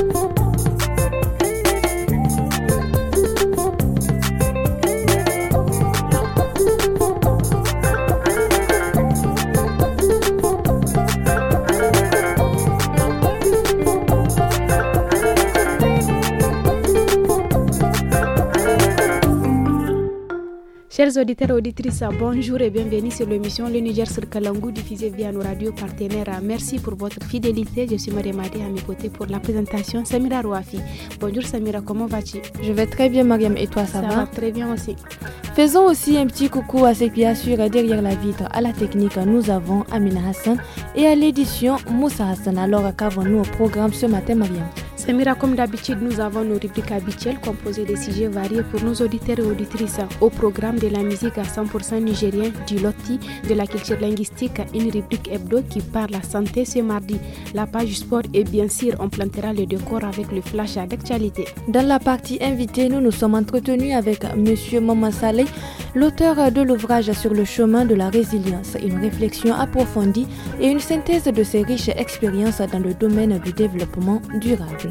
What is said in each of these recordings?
Oh, Chers auditeurs et auditrices, bonjour et bienvenue sur l'émission Le Niger sur Kalangou diffusée via nos radios partenaires. Merci pour votre fidélité. Je suis Marie-Marie à mes côtés pour la présentation Samira Rouafi. Bonjour Samira, comment vas-tu Je vais très bien Mariam et toi ça, va Ça va très bien aussi. Faisons aussi un petit coucou à ceux qui assurent derrière la vitre. À la technique, nous avons Amina Hassan et à l'édition Moussa Hassan. Alors qu'avons-nous au programme ce matin Mariam Samira, comme d'habitude, nous avons nos rubriques habituelles composées de sujets variés pour nos auditeurs et auditrices. Au programme de la musique à 100% nigérien, du loti, de la culture linguistique, une rubrique hebdo qui parle à santé ce mardi. La page sport et bien sûr, on plantera le décor avec le flash d'actualité. Dans la partie invitée, nous nous sommes entretenus avec M. Maman Saleh, l'auteur de l'ouvrage sur le chemin de la résilience, une réflexion approfondie et une synthèse de ses riches expériences dans le domaine du développement durable.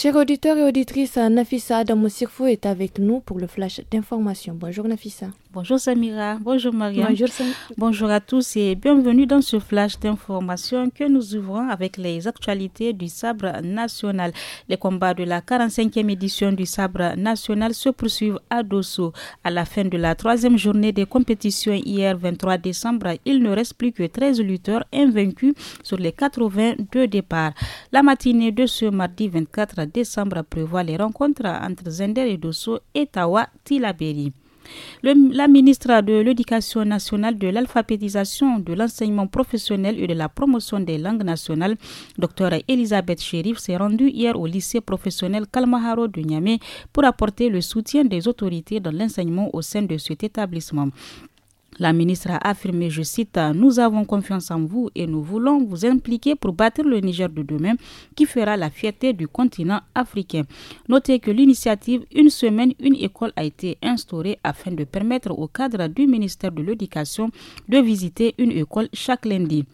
Chers auditeurs et auditrices, Nafissa Adamo Sirfo est avec nous pour le flash d'information. Bonjour Nafissa. Bonjour Samira. Bonjour Maria. Bonjour, Samira. Bonjour à tous et bienvenue dans ce flash d'information que nous ouvrons avec les actualités du sabre national. Les combats de la 45e édition du sabre national se poursuivent à Dosso. À la fin de la troisième journée des compétitions hier 23 décembre, il ne reste plus que 13 lutteurs invaincus sur les 82 départs. La matinée de ce mardi 24 décembre prévoit les rencontres entre Zender et Dosso et Tawa Tilaberi. la ministre de l'Éducation nationale, de l'alphabétisation, de l'enseignement professionnel et de la promotion des langues nationales, Dr Elisabeth Chérif, s'est rendue hier au lycée professionnel Kalmaharo de Niamey pour apporter le soutien des autorités dans l'enseignement au sein de cet établissement. La ministre a affirmé, je cite, Nous avons confiance en vous et nous voulons vous impliquer pour bâtir le Niger de demain qui fera la fierté du continent africain. Notez que l'initiative Une semaine, une école a été instaurée afin de permettre au cadre du ministère de l'Éducation de visiter une école chaque lundi.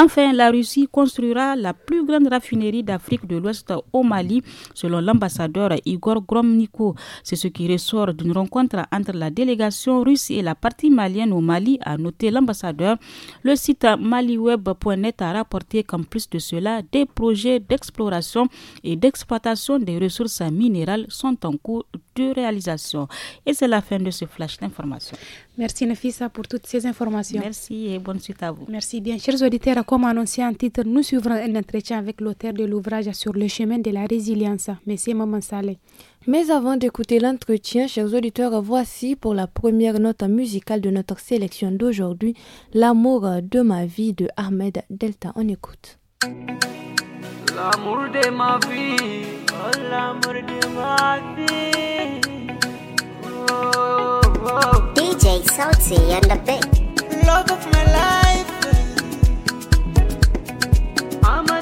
Enfin, la Russie construira la plus grande raffinerie d'Afrique de l'Ouest au Mali, selon l'ambassadeur Igor Gromniko. C'est ce qui ressort d'une rencontre entre la délégation russe et la partie malienne au Mali, a noté l'ambassadeur. Le site maliweb.net a rapporté qu'en plus de cela, des projets d'exploration et d'exploitation des ressources minérales sont en cours de réalisation. Et c'est la fin de ce flash d'information. Merci Nafisa pour toutes ces informations. Merci et bonne suite à vous. Merci bien. Chers auditeurs, comme annoncé en titre, nous suivrons un entretien avec l'auteur de l'ouvrage sur le chemin de la résilience, M. Maman Saleh. Mais avant d'écouter l'entretien, chers auditeurs, voici pour la première note musicale de notre sélection d'aujourd'hui, L'amour de ma vie de Ahmed Delta. On écoute. l'amour de ma vie. Oh, l'amour de ma vie. Oh, oh. DJ Salty and the Big. Love of my life. I'm a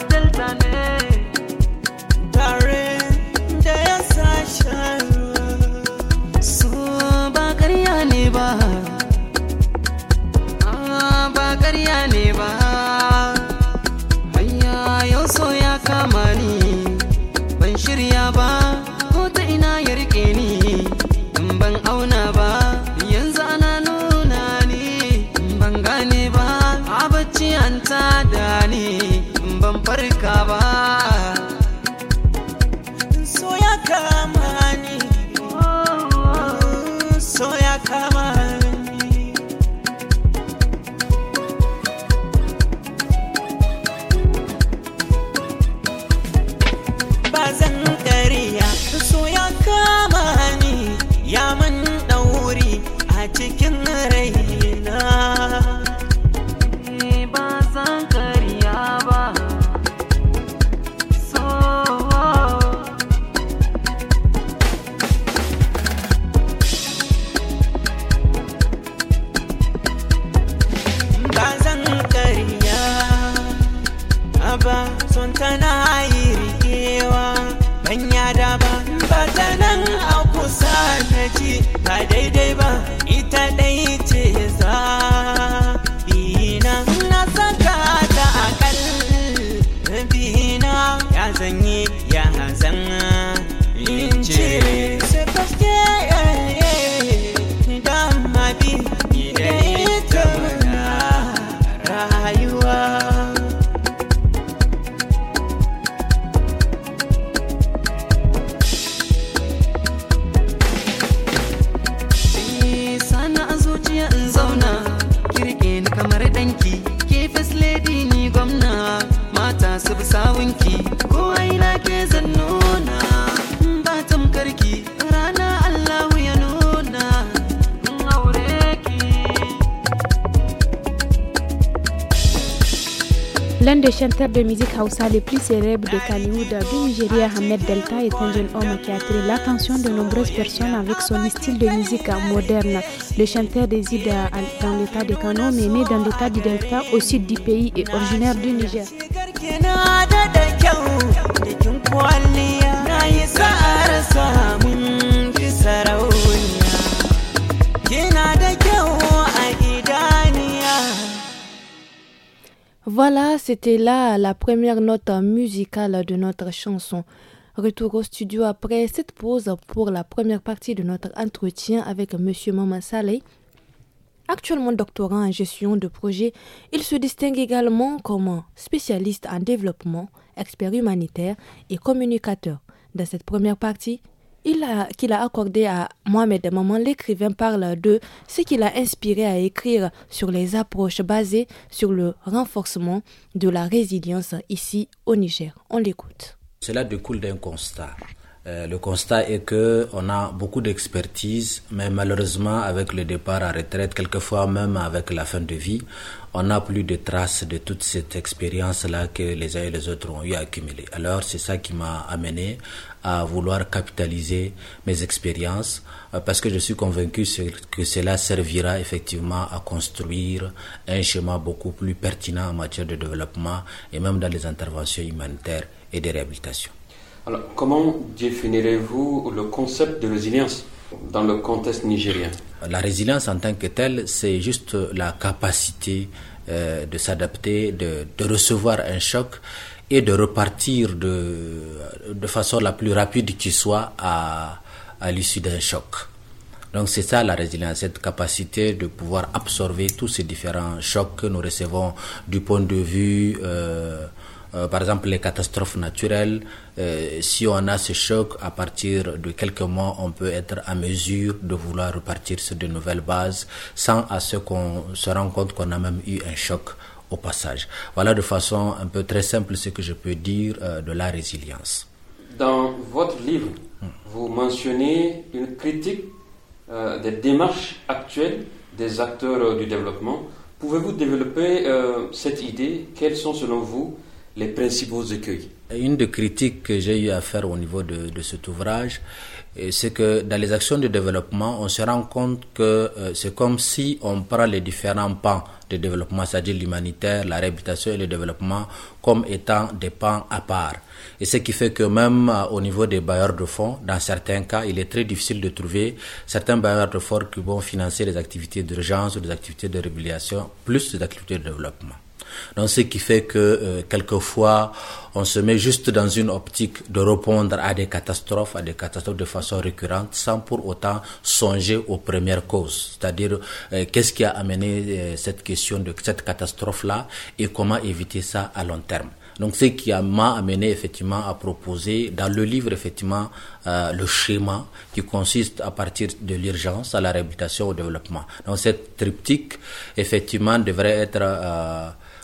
L'un des chanteurs de musique Hausa les plus célèbres de Kannywood du Nigeria, Ahmed Delta, est un jeune homme qui a attiré l'attention de nombreuses personnes avec son style de musique moderne. Le chanteur réside dans l'état de Kano, mais né dans l'état du Delta au sud du pays et originaire du Niger. Voilà, c'était là la première note musicale de notre chanson. Retour au studio après cette pause pour la première partie de notre entretien avec M. Maman Saleh. Actuellement doctorant en gestion de projet, il se distingue également comme spécialiste en développement expert humanitaire et communicateur. Dans cette première partie, il a, qu'il a accordé à Mohamed Maman, l'écrivain parle de ce qu'il a inspiré à écrire sur les approches basées sur le renforcement de la résilience ici au Niger. On l'écoute. Cela découle d'un constat. Euh, le constat est que on a beaucoup d'expertise, mais malheureusement, avec le départ à retraite, quelquefois même avec la fin de vie, on n'a plus de traces de toute cette expérience-là que les uns et les autres ont eu à accumuler. Alors c'est ça qui m'a amené à vouloir capitaliser mes expériences euh, parce que je suis convaincu que cela servira effectivement à construire un chemin beaucoup plus pertinent en matière de développement et même dans les interventions humanitaires et de réhabilitation. Alors comment définirez-vous le concept de résilience dans le contexte nigérien La résilience en tant que telle, c'est juste la capacité euh, de s'adapter, de, recevoir un choc et de repartir de, de façon la plus rapide qui soit à, à l'issue d'un choc. Donc c'est ça la résilience, cette capacité de pouvoir absorber tous ces différents chocs que nous recevons du point de vue euh, euh, par exemple les catastrophes naturelles. Euh, si on a ce choc, à partir de quelques mois, on peut être à mesure de vouloir repartir sur de nouvelles bases sans à ce qu'on se rende compte qu'on a même eu un choc au passage. Voilà de façon un peu très simple ce que je peux dire euh, de la résilience. Dans votre livre, hmm. vous mentionnez une critique des démarches actuelles des acteurs du développement. Pouvez-vous développer cette idée Quelles sont selon vous les principaux écueils Une des critiques que j'ai eu à faire au niveau de, de cet ouvrage, euh, c'est que dans les actions de développement, on se rend compte que euh, c'est comme si on prend les différents pans de développement, c'est-à-dire l'humanitaire, la réhabilitation et le développement, comme étant des pans à part. Et ce qui fait que même euh, au niveau des bailleurs de fonds, dans certains cas, il est très difficile de trouver certains bailleurs de fonds qui vont financer les activités d'urgence ou des activités de réhabilitation, plus des activités de développement. Donc ce qui fait que euh, quelquefois on se met juste dans une optique de répondre à des catastrophes, à des catastrophes de façon récurrente, sans pour autant songer aux premières causes, c'est-à-dire euh, qu'est-ce qui a amené euh, cette question de cette catastrophe-là et comment éviter ça à long terme. Donc, ce qui m'a amené effectivement à proposer dans le livre effectivement le schéma qui consiste à partir de l'urgence à la réhabilitation au développement. Donc, cette triptyque effectivement devrait être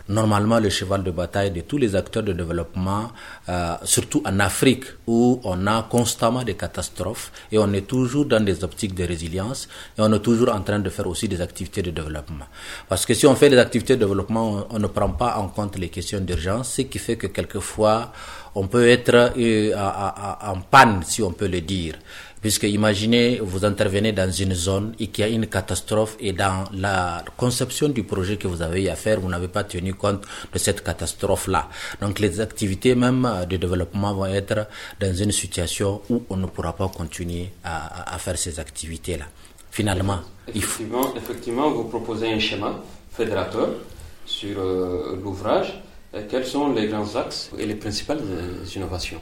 normalement le cheval de bataille de tous les acteurs de développement, euh, surtout en Afrique, où on a constamment des catastrophes et on est toujours dans des optiques de résilience et on est toujours en train de faire aussi des activités de développement. Parce que si on fait des activités de développement, on, ne prend pas en compte les questions d'urgence, ce qui fait que quelquefois, on peut être euh, en panne, si on peut le dire. Puisque imaginez, vous intervenez dans une zone et qu'il y a une catastrophe et dans la conception du projet que vous avez eu à faire, vous n'avez pas tenu compte de cette catastrophe-là. Donc les activités même de développement vont être dans une situation où on ne pourra pas continuer à, faire ces activités-là. Finalement, effectivement, vous proposez un schéma fédérateur sur euh, l'ouvrage. Euh, quels sont les grands axes et les principales euh, innovations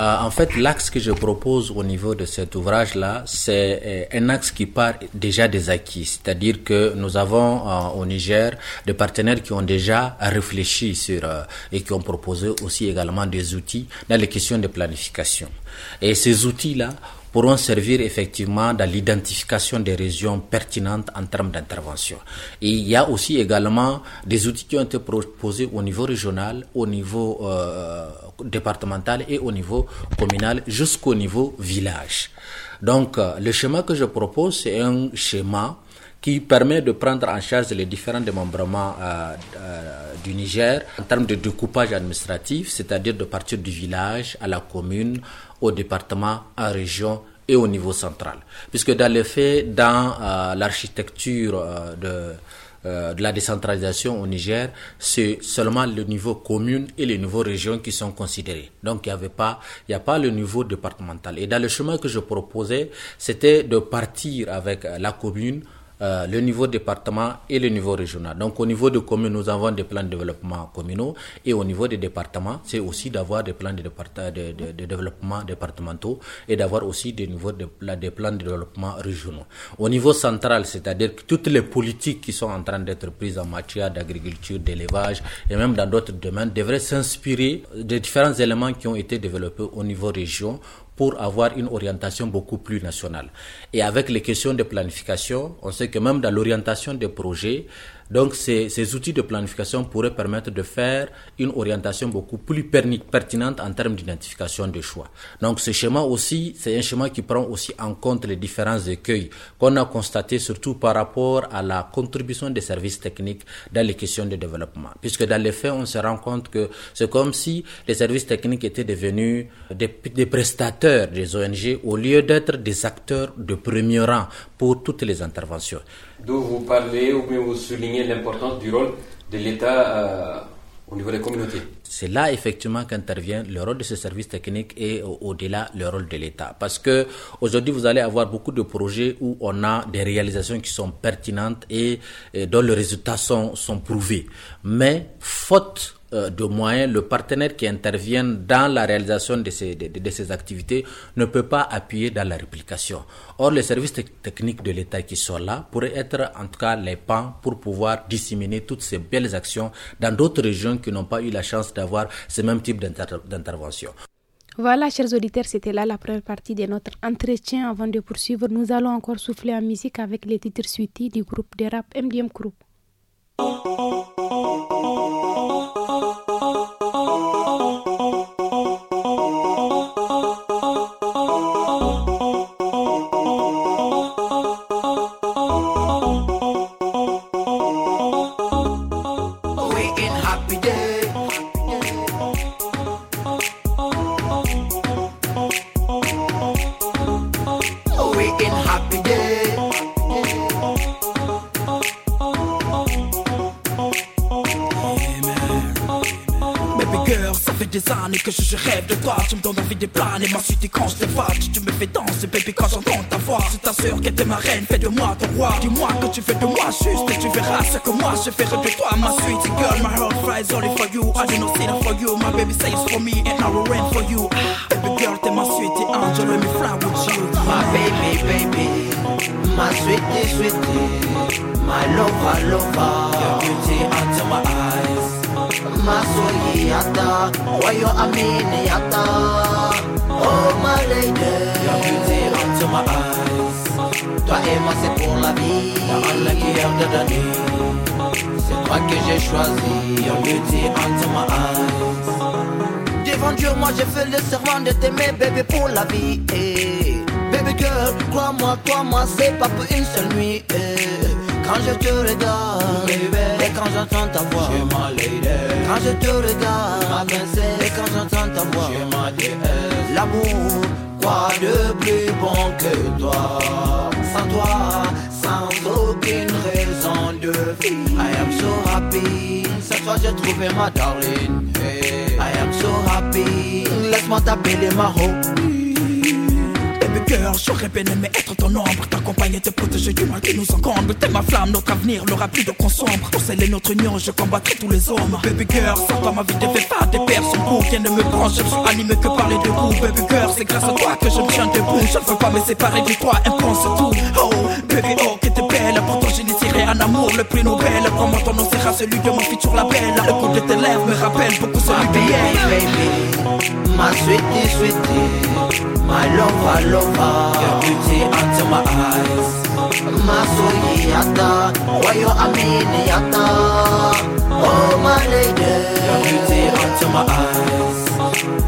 euh, en fait, l'axe que je propose au niveau de cet ouvrage-là, c'est euh, un axe qui part déjà des acquis. C'est-à-dire que nous avons euh, au Niger des partenaires qui ont déjà réfléchi sur et qui ont proposé aussi également des outils dans les questions de planification. Et ces outils-là pourront servir effectivement dans l'identification des régions pertinentes en termes d'intervention. Et il y a aussi également des outils qui ont été proposés au niveau régional, au niveau euh, départemental et au niveau communal jusqu'au niveau village. Donc euh, le schéma que je propose, c'est un schéma qui permet de prendre en charge les différents démembrements euh, du Niger en termes de découpage administratif, c'est-à-dire de partir du village à la commune, au département, à région et au niveau central. Puisque dans les dans euh, l'architecture euh, de, euh, de la décentralisation au Niger, c'est seulement le niveau commune et le niveau région qui sont considérés. Donc il n'y avait pas, il n'y a pas le niveau départemental. Et dans le chemin que je proposais, c'était de partir avec la commune euh, le niveau département et le niveau régional. Donc au niveau de communes, nous avons des plans de développement communaux et au niveau des départements, c'est aussi d'avoir des plans de, de, développement départementaux et d'avoir aussi des, niveaux de, des plans de développement régionaux. Au niveau central, c'est-à-dire que toutes les politiques qui sont en train d'être prises en matière d'agriculture, d'élevage et même dans d'autres domaines devraient s'inspirer des différents éléments qui ont été développés au niveau région pour avoir une orientation beaucoup plus nationale. Et avec les questions de planification, on sait que même dans l'orientation des projets, donc ces, outils de planification pourraient permettre de faire une orientation beaucoup plus pertinente en termes d'identification des choix. Donc ce schéma aussi, c'est un schéma qui prend aussi en compte les différents écueils qu'on a constatés surtout par rapport à la contribution des services techniques dans les questions de développement. Puisque dans les faits, on se rend compte que c'est comme si les services techniques étaient devenus des, des prestateurs des ONG au lieu d'être des acteurs de premier rang pour toutes les interventions d'où vous parlez, ou bien vous soulignez l'importance du rôle de l'État euh, au niveau des communautés. C'est là effectivement qu'intervient le rôle de ce service technique et euh, au-delà le rôle de l'État. Parce que aujourd'hui vous allez avoir beaucoup de projets où on a des réalisations qui sont pertinentes et, et euh, dont les résultats sont, sont prouvés. Mais faute euh, de moyens, le partenaire qui intervient dans la réalisation de ces, activités ne peut pas appuyer dans la réplication. Or, les services techniques de l'État qui sont là pourraient être en tout cas les pans pour pouvoir disséminer toutes ces belles actions dans d'autres régions qui n'ont pas eu la chance d'avoir ce même type d'intervention. Voilà, chers auditeurs, c'était là la première partie de notre entretien. Avant de poursuivre, nous allons encore souffler en musique avec les titres suivis du groupe de rap MDM Group. Et ma suite quand je te Tu me fais danser, baby quand j'entends ta voix. C'est ta soeur qui était ma reine, fais de moi ton roi. Dis-moi que tu fais de moi juste, et tu verras ce que moi je ferai de toi, ma suite girl. My heart flies only for you, I do not see for you. My baby says for me, and I will rain for you. Ah, baby girl, t'es ma sweetie angel, let me fly with you. My baby, baby, my sweetie, sweetie, my lover, lover. Your beauty under my eyes. Ma soul, yata, why you a mean, yata? Oh my lady, your beauty up my eyes. Toi et moi c'est pour la vie. T'as un lucky out de donner. C'est toi que j'ai choisi. on beauty up my eyes. Devant Dieu, moi j'ai fait le serment de t'aimer, bébé, pour la vie. Hey. Eh. Baby girl, crois-moi, crois-moi, c'est pas pour une seule nuit. Eh. Quand je te regarde, et quand j'entends ta voix, je Quand je te regarde, et quand j'entends ta voix, je ma L'amour, quoi de plus bon que toi Sans toi, sans aucune raison de vie. I am so happy, cette fois j'ai trouvé ma darling. I am so happy, laisse-moi t'appeler ma rose j'aurais bien aimé être ton ombre. T'accompagner, te protéger du mal qui nous encombre. T'es ma flamme, notre avenir, n'aura plus de consombre. Pour sceller notre union, je combattrai tous les hommes. Baby girl, sans toi ma vie ne fait pas des personnes pour qui ne me branche, je suis animé que par les deux coups. Baby girl, c'est grâce à toi que je me tiens debout. Je ne veux pas me séparer de toi, impense tout. Oh, baby, oh, que t'es belle. Pourtant, j'ai désiré un amour, le prix Nobel. Prends-moi ton nom, sera celui de mon futur label. Le coup de tes lèvres me rappelle beaucoup celui Baby, baby, ma sweetie, sweetie, My love, love. Ah. Your beauty unto my eyes Masuri yata Wayo amini yata Oh my lady Your beauty unto my eyes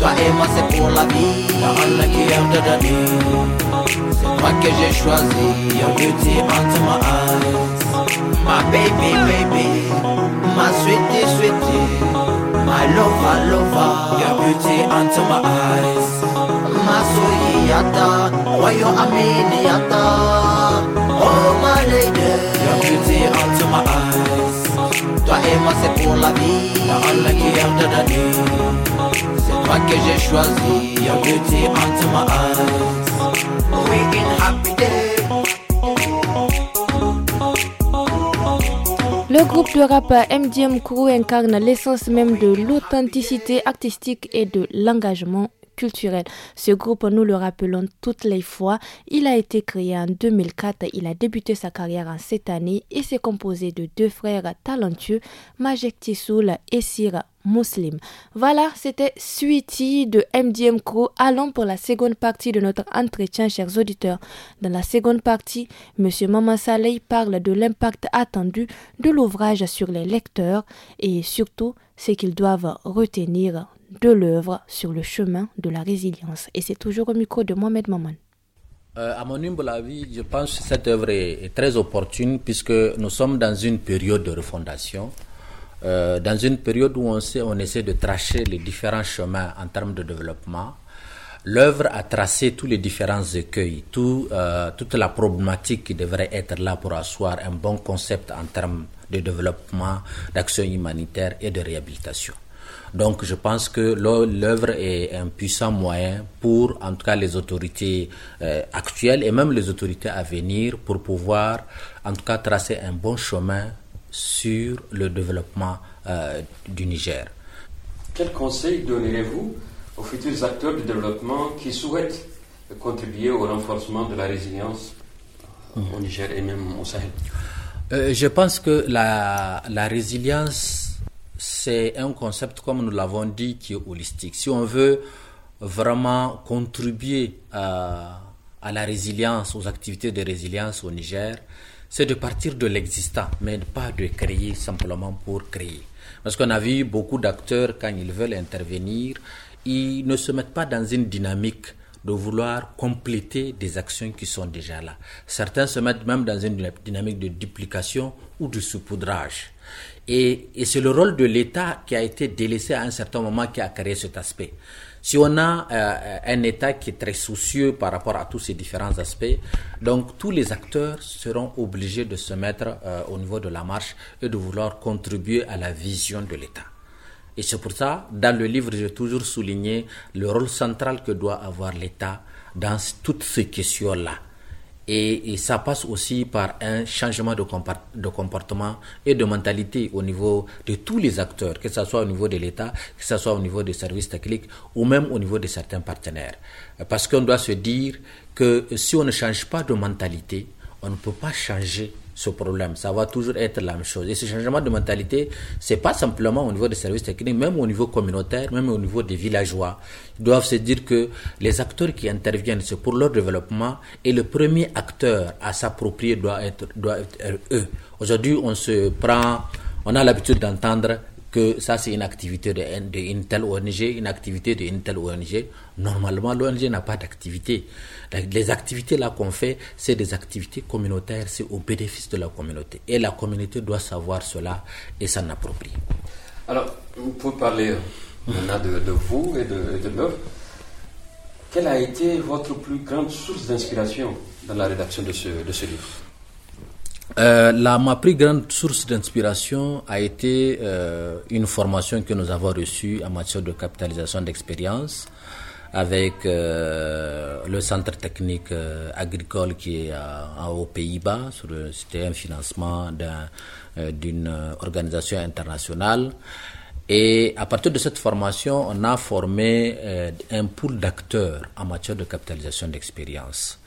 Toi et moi c'est pour la vie Allah qui aime de donner C'est toi que j'ai choisi Your beauty unto my eyes My baby baby My sweetie sweetie My lover lover Your beauty unto my eyes Aminata, royaume Aminata. Oh my lady, your beauty onto my eyes. Toi et moi c'est pour la vie, la Allah qui aime de la C'est toi que j'ai choisi, your beauty onto my eyes. We in happy day. Le groupe de rap MDM Kourou incarne l'essence même de l'authenticité artistique et de l'engagement culturel. Ce groupe, nous le rappelons toutes les fois, il a été créé en 2004, il a débuté sa carrière en cette année et s'est composé de deux frères talentueux, Majek Tissoul et Sir Muslim. Voilà, c'était Suiti de MDM Crew. Allons pour la seconde partie de notre entretien, chers auditeurs. Dans la seconde partie, M. Maman Saleh parle de l'impact attendu de l'ouvrage sur les lecteurs et surtout ce qu'ils doivent retenir de l'œuvre sur le chemin de la résilience. Et c'est toujours au micro de Mohamed Maman. Euh, à mon humble avis, je pense que cette œuvre est, très opportune puisque nous sommes dans une période de refondation, euh, dans une période où on, sait, on essaie de tracer les différents chemins en termes de développement. L'œuvre a tracé tous les différents écueils, tout, euh, toute la problématique qui devrait être là pour asseoir un bon concept en termes de développement, d'action humanitaire et de réhabilitation. Donc je pense que l'œuvre est un puissant moyen pour, en tout cas, les autorités euh, actuelles et même les autorités à venir pour pouvoir, en tout cas, tracer un bon chemin sur le développement euh, du Niger. Quel conseil donnerez-vous aux futurs acteurs du développement qui souhaitent contribuer au renforcement de la résilience mhm. au Niger et même au Sahel euh, Je pense que la résilience c'est un concept, comme nous l'avons dit, qui est holistique. Si on veut vraiment contribuer à, la résilience, aux activités de résilience au Niger, c'est de partir de l'existant, mais pas de créer simplement pour créer. Parce qu'on a vu beaucoup d'acteurs, quand ils veulent intervenir, ils ne se mettent pas dans une dynamique de vouloir compléter des actions qui sont déjà là. Certains se mettent même dans une dynamique de duplication ou de saupoudrage. Et, c'est le rôle de l'État qui a été délaissé à un certain moment qui a créé cet aspect. Si on a euh, euh, un État qui est très soucieux par rapport à tous ces différents aspects, donc tous les acteurs seront obligés de se mettre euh, au niveau de la marche et de vouloir contribuer à la vision de l'État. Et c'est pour ça, dans le livre, j'ai toujours souligné le rôle central que doit avoir l'État dans toutes ces questions-là. Et, ça passe aussi par un changement de, de comportement et de mentalité au niveau de tous les acteurs, que ce soit au niveau de l'État, que ce soit au niveau des services techniques ou même au niveau de certains partenaires. Parce qu'on doit se dire que si on ne change pas de mentalité, on ne peut pas changer ce problème. Ça va toujours être la même chose. Et ce changement de mentalité, c'est pas simplement au niveau des services techniques, même au niveau communautaire, même au niveau des villageois. Ils doivent se dire que les acteurs qui interviennent, c'est pour leur développement, et le premier acteur à s'approprier doit être, doit être euh, eux. Aujourd'hui, on se prend, on a l'habitude d'entendre que ça c'est une activité d'une de, telle ONG, une activité d'une telle ONG. Normalement, l'ONG n'a pas d'activité. Les activités là qu'on fait, c'est des activités communautaires, c'est au bénéfice de la communauté. Et la communauté doit savoir cela et s'en approprier. Alors, vous pouvez parler euh, maintenant de, vous et de, l'œuvre. Quelle a été votre plus grande source d'inspiration dans la rédaction de ce livre euh, la, ma plus grande source d'inspiration a été euh, une formation que nous avons reçue en matière de capitalisation d'expérience avec euh, le centre technique agricole qui est aux Pays-Bas. C'était un financement d'une organisation internationale. Et à partir de cette formation, on a formé un pool d'acteurs en matière de capitalisation d'expérience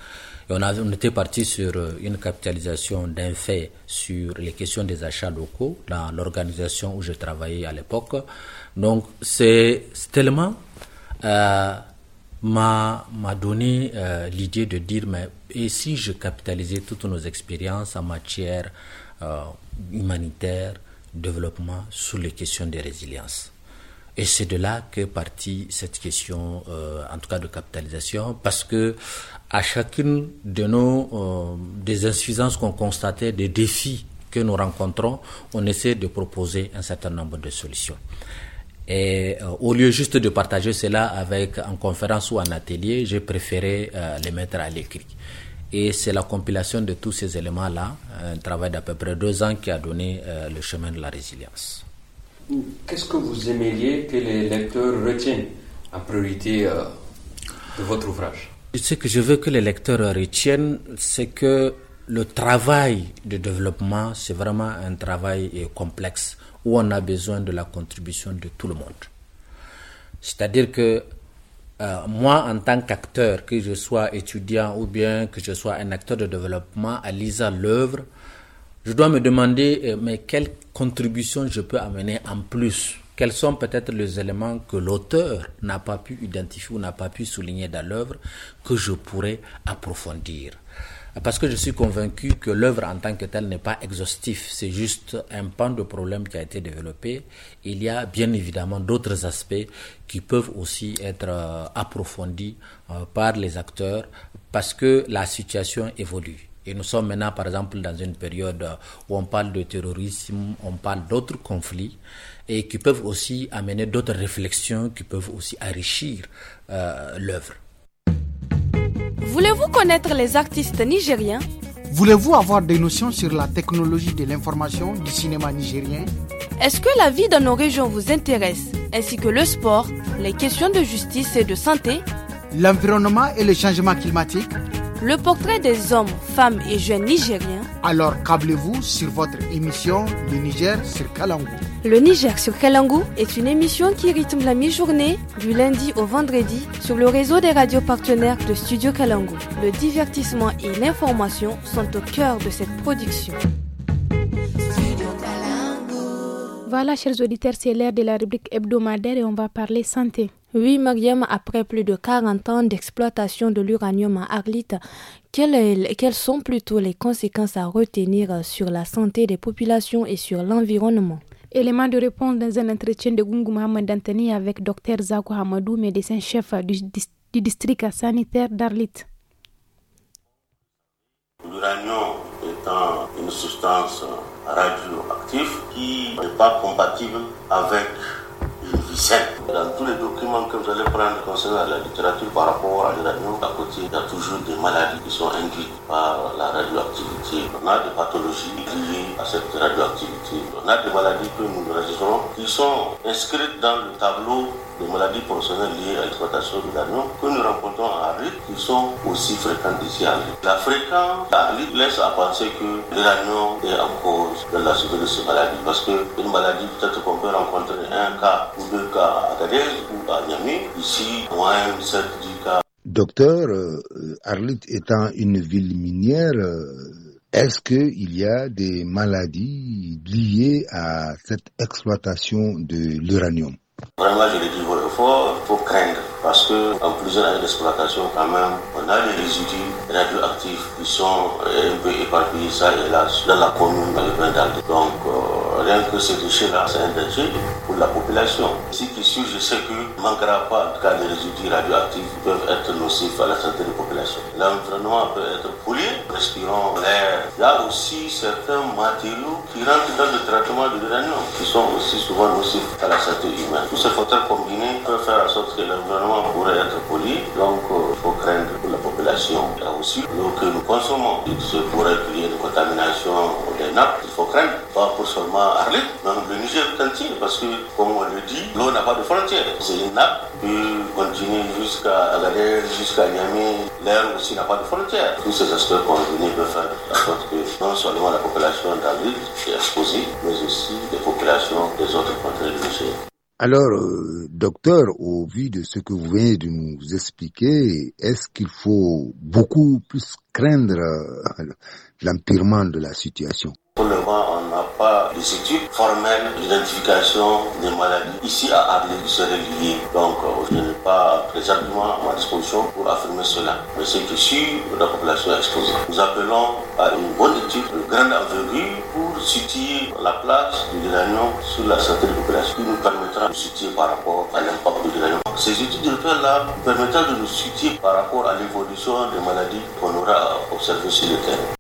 on, était parti sur euh, une capitalisation d'un fait sur les questions des achats locaux dans l'organisation où je travaillais à l'époque. Donc c'est tellement euh, m'a donné euh, l'idée de dire mais et si je capitalisais toutes nos expériences en matière humanitaire, développement sur les questions de résilience. Et c'est de là que partie cette question, euh, en tout cas de capitalisation, parce que à chacune de nos euh, des insuffisances qu'on constatait, des défis que nous rencontrons, on essaie de proposer un certain nombre de solutions. Et euh, au lieu juste de partager cela avec en conférence ou en atelier, j'ai préféré euh, les mettre à l'écrit. Et c'est la compilation de tous ces éléments-là, un travail d'à peu près deux ans qui a donné le chemin de la résilience. Qu'est-ce que vous aimeriez que les lecteurs retiennent à priorité euh, de votre ouvrage Ce que je veux que les lecteurs retiennent, c'est que le travail de développement, c'est vraiment un travail complexe où on a besoin de la contribution de tout le monde. C'est-à-dire que euh, moi, en tant qu'acteur, que je sois étudiant ou bien que je sois un acteur de développement, à lisant l'œuvre, je dois me demander, euh, mais quelle contribution je peux amener en plus quels sont peut-être les éléments que l'auteur n'a pas pu identifier ou n'a pas pu souligner dans l'œuvre que je pourrais approfondir. Parce que je suis convaincu que l'œuvre en tant que telle n'est pas exhaustive, c'est juste un pan de problème qui a été développé. Il y a bien évidemment d'autres aspects qui peuvent aussi être euh, approfondis euh, par les acteurs parce que la situation évolue. Et nous sommes maintenant, par exemple, dans une période euh, où on parle de terrorisme, on parle d'autres conflits et qui peuvent aussi amener d'autres réflexions qui peuvent aussi enrichir euh, l'œuvre. Voulez-vous connaître les artistes nigériens Voulez-vous avoir des notions sur la technologie de l'information du cinéma nigérien Est-ce que la vie dans nos régions vous intéresse, ainsi que le sport, les questions de justice et de santé L'environnement et le changement climatique le portrait des hommes, femmes et jeunes nigériens. Alors câblez-vous sur votre émission Le Niger sur Kalangou. Le Niger sur Kalangou est une émission qui rythme la mi-journée du lundi au vendredi sur le réseau des radios partenaires de Studio Kalangou. Le divertissement et l'information sont au cœur de cette production. Voilà, chers auditeurs, c'est l'heure de la rubrique hebdomadaire et on va parler santé. Oui, Mariam, après plus de 40 ans d'exploitation de l'uranium à Arlite, quelles, sont plutôt les conséquences à retenir euh, sur la santé des populations et sur l'environnement Élément de réponse dans un entretien de Gungu Mohamed Dantani avec Dr Zakou Hamadou, médecin-chef du, district sanitaire d'Arlit. L'uranium étant une substance radioactive qui n'est pas compatible avec dans tous les documents que vous allez prendre concernant la littérature par rapport à l'uranium, à côté, il y a toujours des maladies qui sont induites par la radioactivité. On a des pathologies liées à cette radioactivité. On a des maladies que nous registrons qui sont inscrites dans le tableau des maladies professionnelles liées à l'exploitation de l'uranium que nous rencontrons à RIT qui sont aussi fréquentes ici à RIT. La fréquence laisse à penser que l'uranium est en cause de la survie de ces maladies parce qu'une maladie, peut-être qu'on peut rencontrer un cas ou deux Docteur, euh, euh, Arlit étant une ville minière, euh, est-ce qu'il y a des maladies liées à cette exploitation de l'uranium craindre parce que en plusieurs années d'exploitation quand même, on a des résidus radioactifs qui sont euh, un peu éparpillés ça et dans la commune, dans le bain Donc euh, rien que ces déchets-là, c'est un danger pour la population. Ce qui je sais que manquera pas, en cas, les résidus radioactifs peuvent être nocifs à la santé des populations. L'environnement peut être pollué, respirant, l'air. Il y a aussi certains matériaux qui rentrent dans le traitement de l'uranium, qui sont aussi souvent nocifs à la santé humaine. Tous ces facteurs combinés peuvent faire en sorte que l'environnement pourrait être poli, donc euh, il faut craindre pour la population. Là aussi, l'eau que nous consommons, ce pourrait créer une contamination des nappes, il faut craindre, pas pour seulement Arlit, mais le Niger entier, parce que, comme on le dit, l'eau n'a pas de frontières. C'est une nappe qui continue jusqu'à Agadez, jusqu'à Niamey. L'air aussi n'a pas de frontières. Tous ces aspects combinés peuvent faire en sorte que non seulement la population d'Arlit est exposée, mais aussi les populations des autres contrées du Niger. Alors, euh, docteur, au vu de ce que vous venez de nous expliquer, est-ce qu'il faut beaucoup plus craindre euh, l'empirement de la situation pas des études formelles d'identification des maladies ici à Arlé du seraient liées. Donc, euh, je n'ai pas présentement à ma disposition pour affirmer cela. Mais c'est que si la population est exposée, nous appelons à une bonne étude de grande envergure pour situer la place du granulon sur la santé de la population, qui nous permettra de situer par rapport à l'impact du granulon. Ces études de là permettront de nous situer par rapport à l'évolution des maladies qu'on aura observées sur le terrain.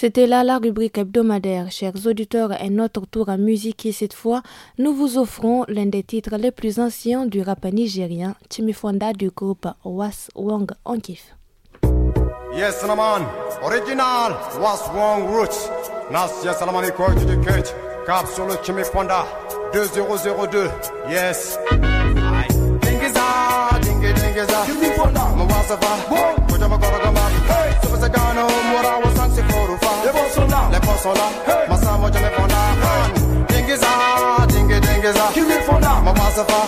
C'était là la rubrique hebdomadaire. Chers auditeurs, un notre tour à musique et cette fois, nous vous offrons l'un des titres les plus anciens du rap nigérien, Chimifonda du groupe Was Wong On Kiff. Yes, man. Original Was Wong Roots. Nas, yes, salamani écoute du cut. Cap sur le Chimifonda 2002. Yes. Chimifonda. sola. Hey. Massa mo jame fonda. Dingiza, dingi dingiza. fonda. Ma pasa fa.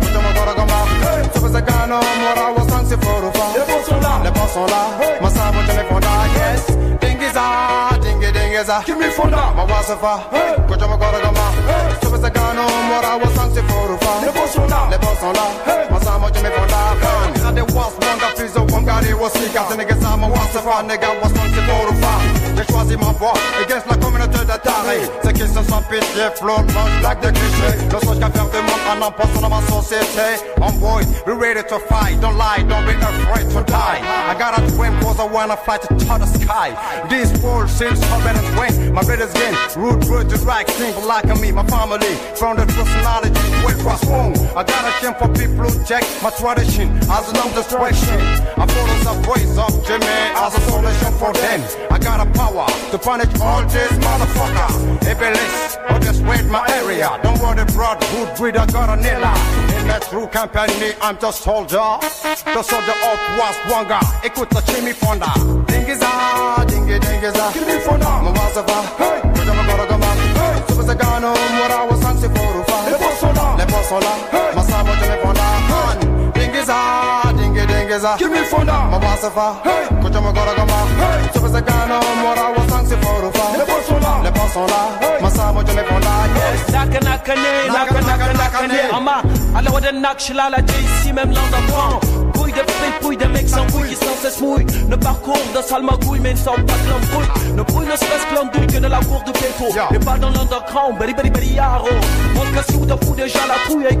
Mucho mo tora gamba. Sobe se kano mora wa sang se fa. Le bon sola. Le bon sola. Hey. mo jame fonda. Yes. Dingiza, dingi dingiza. me fonda. Ma pasa fa. Mucho mo tora gamba. Sobe se kano mora wa sang se fa. Le bon sola. Le bon sola. Hey. mo jame fonda. Hey. Nigga, they was one got so one got it was sick. Nigga, I'm a once a nigga was once a four J'ai choisi ma voie against la communauté de tarés Ceux qui se sont pitié, flotte, mange, blague de clichés Le songe qu'à faire de monde en emportant dans ma société Homeboy, be ready to fight Don't lie, don't be afraid to die I got a dream cause I wanna fly to touch the sky This world seems so bad and swing My brother's game, root, root, to right Simple like me, my family From the personality, way cross home I got a shame for people who check my tradition As long destruction I follow the voice of Jimmy As a solution for them I got a power to punish all these motherfuckers. If Iblis, or just wait my area. Don't worry, broad good breed, got a nilla. In that true company, I'm just soldier. The soldier of was wanga. Ikuta chimi fonda. Dingiza, dingy dingiza. Chimi fonda. Mawazava. Hey, Kujama Goragama. Hey, Subasagano, Mura was Sansi Forufa. Leposola, Leposola. Hey, Masamo Jamifonda. Han, dingiza, dingy dingiza. Chimi fonda. Mawazava. Hey, Kujama Goragama. Hey, le Les là, les là, ma je les prends là. ici même Couille de de mecs sans couille sans parcours de mais ne pas de Ne brûle ne de la cour de dans l'underground, yaro. Mon de déjà la avec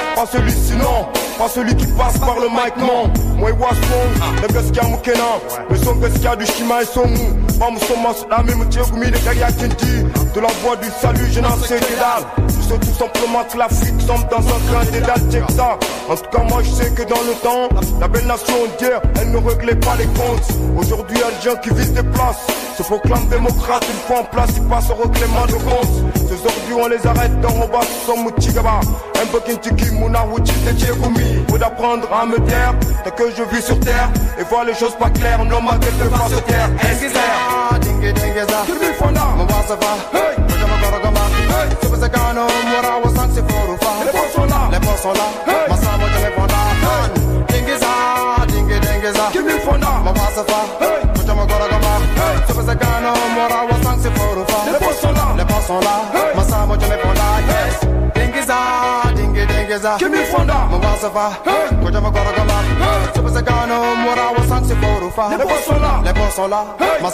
Pas celui sinon, pas celui qui passe par le mic, non. Moi, Washington, le Beskia Mukena, le son Beskia du Shima et son mon son Somas, la même Tchegumi de Kaya Kinti. De la voix du salut, je n'en sais que dalle tout simplement que la fuite semble dans un train d'état En tout cas moi je sais que dans le temps La belle nation d'hier elle ne réglait pas les comptes Aujourd'hui un gens qui vise des places Se proclame démocrate une fois en place Ils passent au reclément de comptes Ces ordures on les arrête dans mon bas Sans moutigaba Un peu tiki mouna wuchi t'es tchekumi Faut d'apprendre à me taire Tant que je vis sur terre Et voir les choses pas claires Non ma gueule ne pas se Est-ce que ah, ça Mon Je pensais qu'un homme aura au sang, c'est pour faire. Les sont là, les sont là. Ma Dingiza, dingi, dingiza. Give me fonda. Ma passe fa. Moi, je me gola gamba. Je pensais qu'un homme aura au sang, c'est pour Les sont là, les sont là. Ma Yes. Dingiza, dingi, dingiza. Give me fonda. Ma passe fa. Moi, je me gola gamba. Je pensais qu'un homme aura au sang, c'est pour Les sont là, les sont là. Ma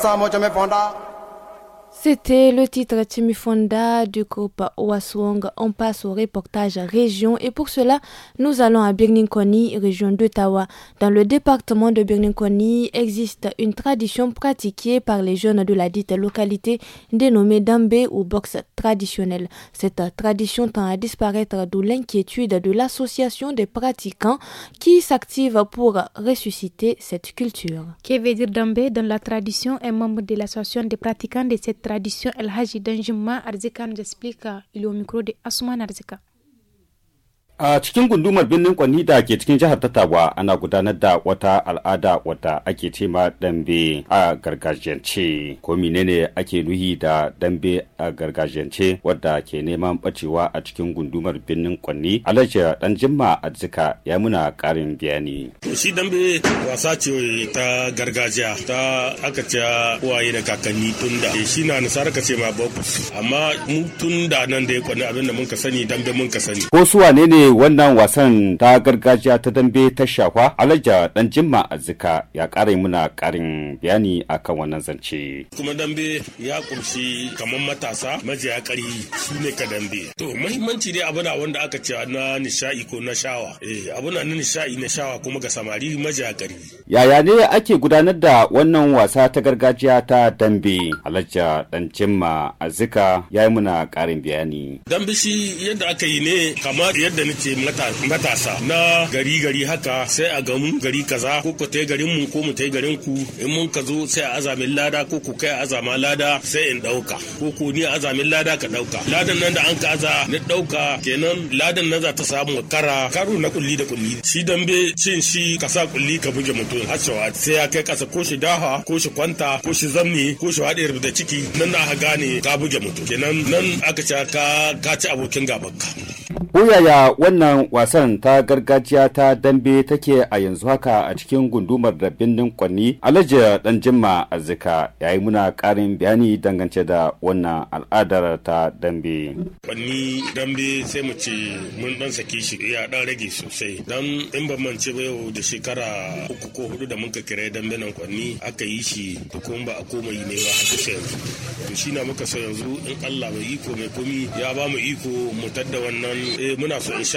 C'était le titre Fonda du groupe Waswong. On passe au reportage région et pour cela, nous allons à Birninkoni, région d'Ottawa. Dans le département de Birninkoni existe une tradition pratiquée par les jeunes de la dite localité dénommée Dambé ou boxe traditionnelle. Cette tradition tend à disparaître d'où l'inquiétude de l'association des pratiquants qui s'active pour ressusciter cette culture. Que veut dire Dambé Dans la tradition, un membre de l'association des pratiquants de cette tradition El Haji d'Anjuma Arzika nous explique, euh, il est au micro de Asuman Arzika. a cikin gundumar birnin kwanni da ke cikin jihar tattawa ana gudanar da wata al'ada wadda ake ma dambe a gargajiyance ko menene ake nuhi da dambe a gargajiyance wadda ke neman bacewa a cikin gundumar birnin kwanni alhaji dan jimma zika ya muna karin bayani to shi dambe wasa ce ta gargajiya ta aka ce uwaye da kakanni tunda eh, shi na nasara ka ce ma babu amma mu da nan da ya kwanni abinda mun ka sani dambe mun ka sani ko su wane ne wannan wasan ta gargajiya ta dambe ta shafa alaja dan jimma azzika ya ƙara muna ƙarin bayani akan wannan zance. kuma dambe ya kumshi kamar matasa ya ƙarhi su ne ka dambe to muhimmanci dai abu na wanda aka ce na nisha'i ko na shawa eh abu na nisha'i na shawa kuma ga samari ya kari yaya ne ake gudanar da wannan wasa ta gargajiya ta dambe alaja dan jimma azzika ya yi muna karin bayani. dambe shi yadda aka yi ne kamar yadda ni ce matasa na gari gari haka sai a gamu gari kaza ko ku tai garin mu ko mu tai garin ku in mun ka zo sai a azamin lada ko ku kai azama lada sai in dauka ko ku ni azamin lada ka dauka ladan nan da an ka aza na dauka kenan ladan nan za ta samu kara karo na kulli da kulli shi dambe cin shi ka sa kulli ka buge mutum har sai ya kai kasa ko shi daha ko shi kwanta ko shi zamni ko shi haɗe da ciki nan na gane ka buge mutum kenan nan aka ce ka ci abokin gabanka. Ko yaya wannan wasan ta gargajiya ta dambe take a yanzu haka a cikin gundumar da birnin kwanni alhaji dan jimma ya yayi muna karin bayani dangance da wannan al'adar ta dambe kwanni dambe sai mu ce mun dan sake shi ya dan rage sosai dan in ban mance ba yau da shekara uku ko hudu da muka kira dambe nan kwanni aka yi shi to kuma ba a koma yi ne ba har sai yanzu to shi na muka so yanzu in Allah mai iko mai komi ya ba mu iko mu tadda wannan eh muna so insha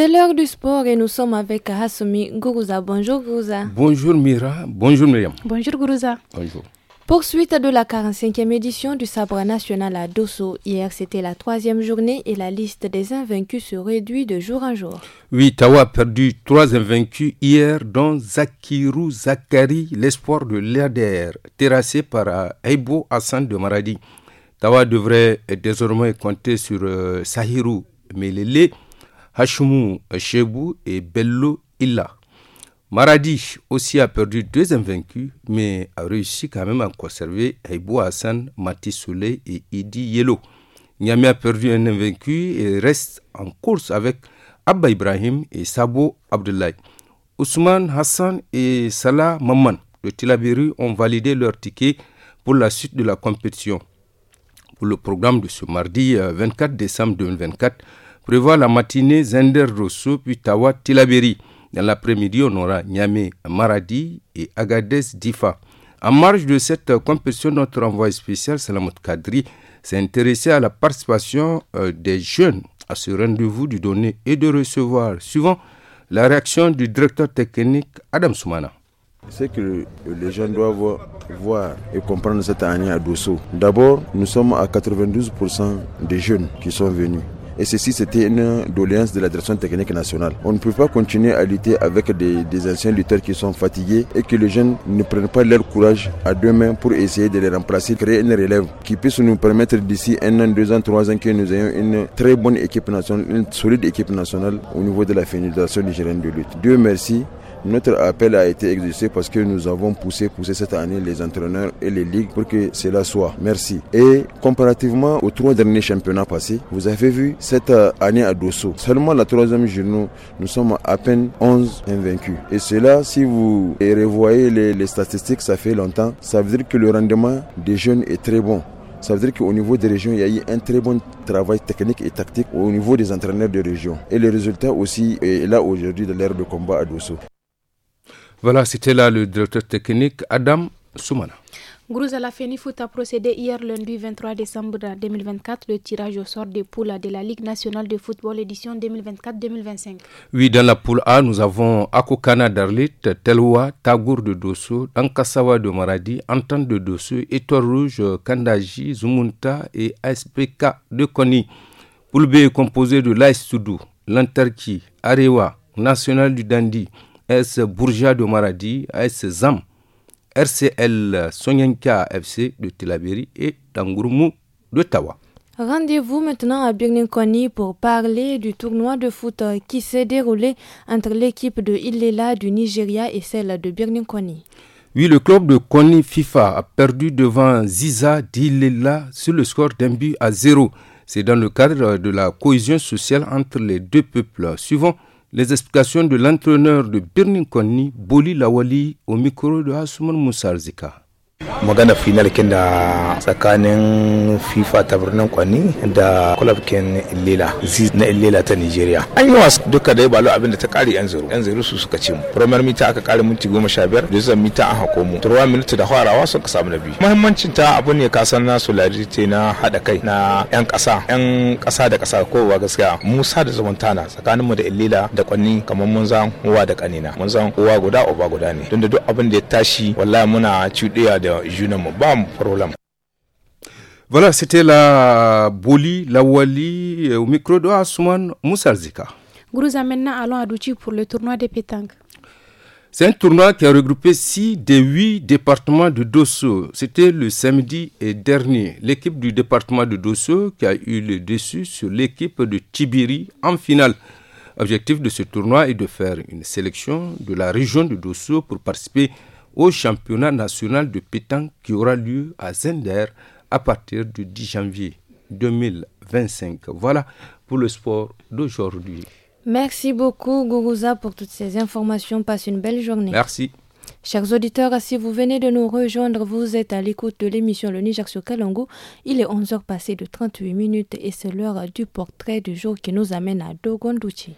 C'est l'heure du sport et nous sommes avec Hassoumi Gourouza. Bonjour Gourouza. Bonjour Mira. Bonjour Myriam. Bonjour Gourouza. Bonjour. Poursuite de la 45e édition du Sabre national à Dosso. Hier, c'était la troisième journée et la liste des invaincus se réduit de jour en jour. Oui, Tawa a perdu trois invaincus hier, dont Zakirou Zakari, l'espoir de l'ADR, terrassé par euh, Aibo Hassan de Maradi. Tawa devrait euh, désormais compter sur Sahiru euh, Sahirou Melele hachumu Shebu et Bello Illa. Maradi aussi a perdu deux invaincus, mais a réussi quand même à conserver Aibou Hassan, Mati et Idi Yelo. Niami a perdu un invaincu et reste en course avec Abba Ibrahim et Sabo Abdoulaye. Ousmane Hassan et Salah Maman de Tilabiru ont validé leur ticket pour la suite de la compétition. Pour le programme de ce mardi 24 euh, décembre 2024, prévoit la matinée Zender Rosso puis Tawa Tilaberi. Dans l'après-midi, on aura Niamey Maradi et Agadez Difa. En marge de cette compétition, notre envoyé spécial Salamot Kadri s'est intéressé à la participation euh, des jeunes à ce rendez-vous du donner et de recevoir, suivant la réaction du directeur technique Adam Soumana. Ce que les jeunes doivent voir et comprendre cette année à Dosso, d'abord, nous sommes à 92% des jeunes qui sont venus. Et ceci, c'était une doléance de la direction technique nationale. On ne peut pas continuer à lutter avec des, anciens lutteurs qui sont fatigués et que les jeunes ne prennent pas leur courage à deux mains pour essayer de les remplacer, créer une relève qui puisse nous permettre d'ici un an, deux ans, trois ans que nous ayons une très bonne équipe nationale, une solide équipe nationale au niveau de la Fédération nigérienne de lutte. Dieu merci. Notre appel a été exercé parce que nous avons poussé, poussé cette année les entraîneurs et les ligues pour que cela soit. Merci. Et comparativement aux trois derniers championnats passés, vous avez vu cette euh, année à Dosso, seulement la troisième journée, nous sommes à peine 11 invaincus. Et cela, si vous revoyez les, statistiques, ça fait longtemps. Ça veut dire que le rendement des jeunes est très bon. Ça veut dire qu'au niveau des régions, il y a eu un très bon travail technique et tactique au niveau des entraîneurs de région. Et le résultat aussi est là aujourd'hui de l'ère de combat à Dosso. Voilà, c'était là le directeur technique Adam Soumana. la foot a procédé hier lundi 23 décembre 2024 le tirage au sort des poules de la Ligue nationale de football édition 2024-2025. Oui, dans la poule A, nous avons Akokana d'Arlit, Telwa, Tagour de Dosso, Ankasawa de Maradi, Entente de Dosso, Étoile Rouge, Kandaji, Zumunta et ASPK de Koni. Poule B est composée de l'AS Soudou, Lantarki, Arewa, National du Dandi, S. Bourja de Maradi, S. ZAM, RCL Sonyanka FC de Telaberi et Dangurumu de Tawa. Rendez-vous maintenant à Birninkoni pour parler du tournoi de foot qui s'est déroulé entre l'équipe de Ilela du Nigeria et celle de Birninkoni. Oui, le club de Koni FIFA a perdu devant Ziza d'Ilela sur le score d'un but à zéro. C'est dans le cadre de la cohésion sociale entre les deux peuples. Suivant les explications de l'entraîneur de Birnin Konni, Boli Lawali, au micro de Hasman Moussarzika. magana final kin da tsakanin fifa ta birnin kwani da club lila ziz na illela ta nigeria an yi wasu duka da balo abin da ta kare yan zuru yan zuru su suka ce mu premier mita aka kare minti goma sha biyar da zan mita an hako mu turwa minti da farawa sun ka samu na biyu muhimmancin ta abu ne ka san na solidarity na haɗa kai na yan kasa yan kasa da kasa ko wa gaskiya musa da zumunta na tsakanin mu da illela da kwani kamar mun zan uwa da kanina mun zan uwa guda uba guda ne tunda duk abin da ya tashi wallahi muna cuɗiya da Voilà, c'était la Boli, la Wali, euh, au micro de Asuman maintenant allons à pour le tournoi des pétanques. C'est un tournoi qui a regroupé 6 des 8 départements de Dosso. C'était le samedi dernier. L'équipe du département de Dosso qui a eu le dessus sur l'équipe de Tibiri en finale. Objectif de ce tournoi est de faire une sélection de la région de Dosso pour participer au championnat national de pétanque qui aura lieu à Zender à partir du 10 janvier 2025. Voilà pour le sport d'aujourd'hui. Merci beaucoup, Gourouza, pour toutes ces informations. Passe une belle journée. Merci. Chers auditeurs, si vous venez de nous rejoindre, vous êtes à l'écoute de l'émission Le Niger sur Kalongo. Il est 11h passé de 38 minutes et c'est l'heure du portrait du jour qui nous amène à Dogondouchi.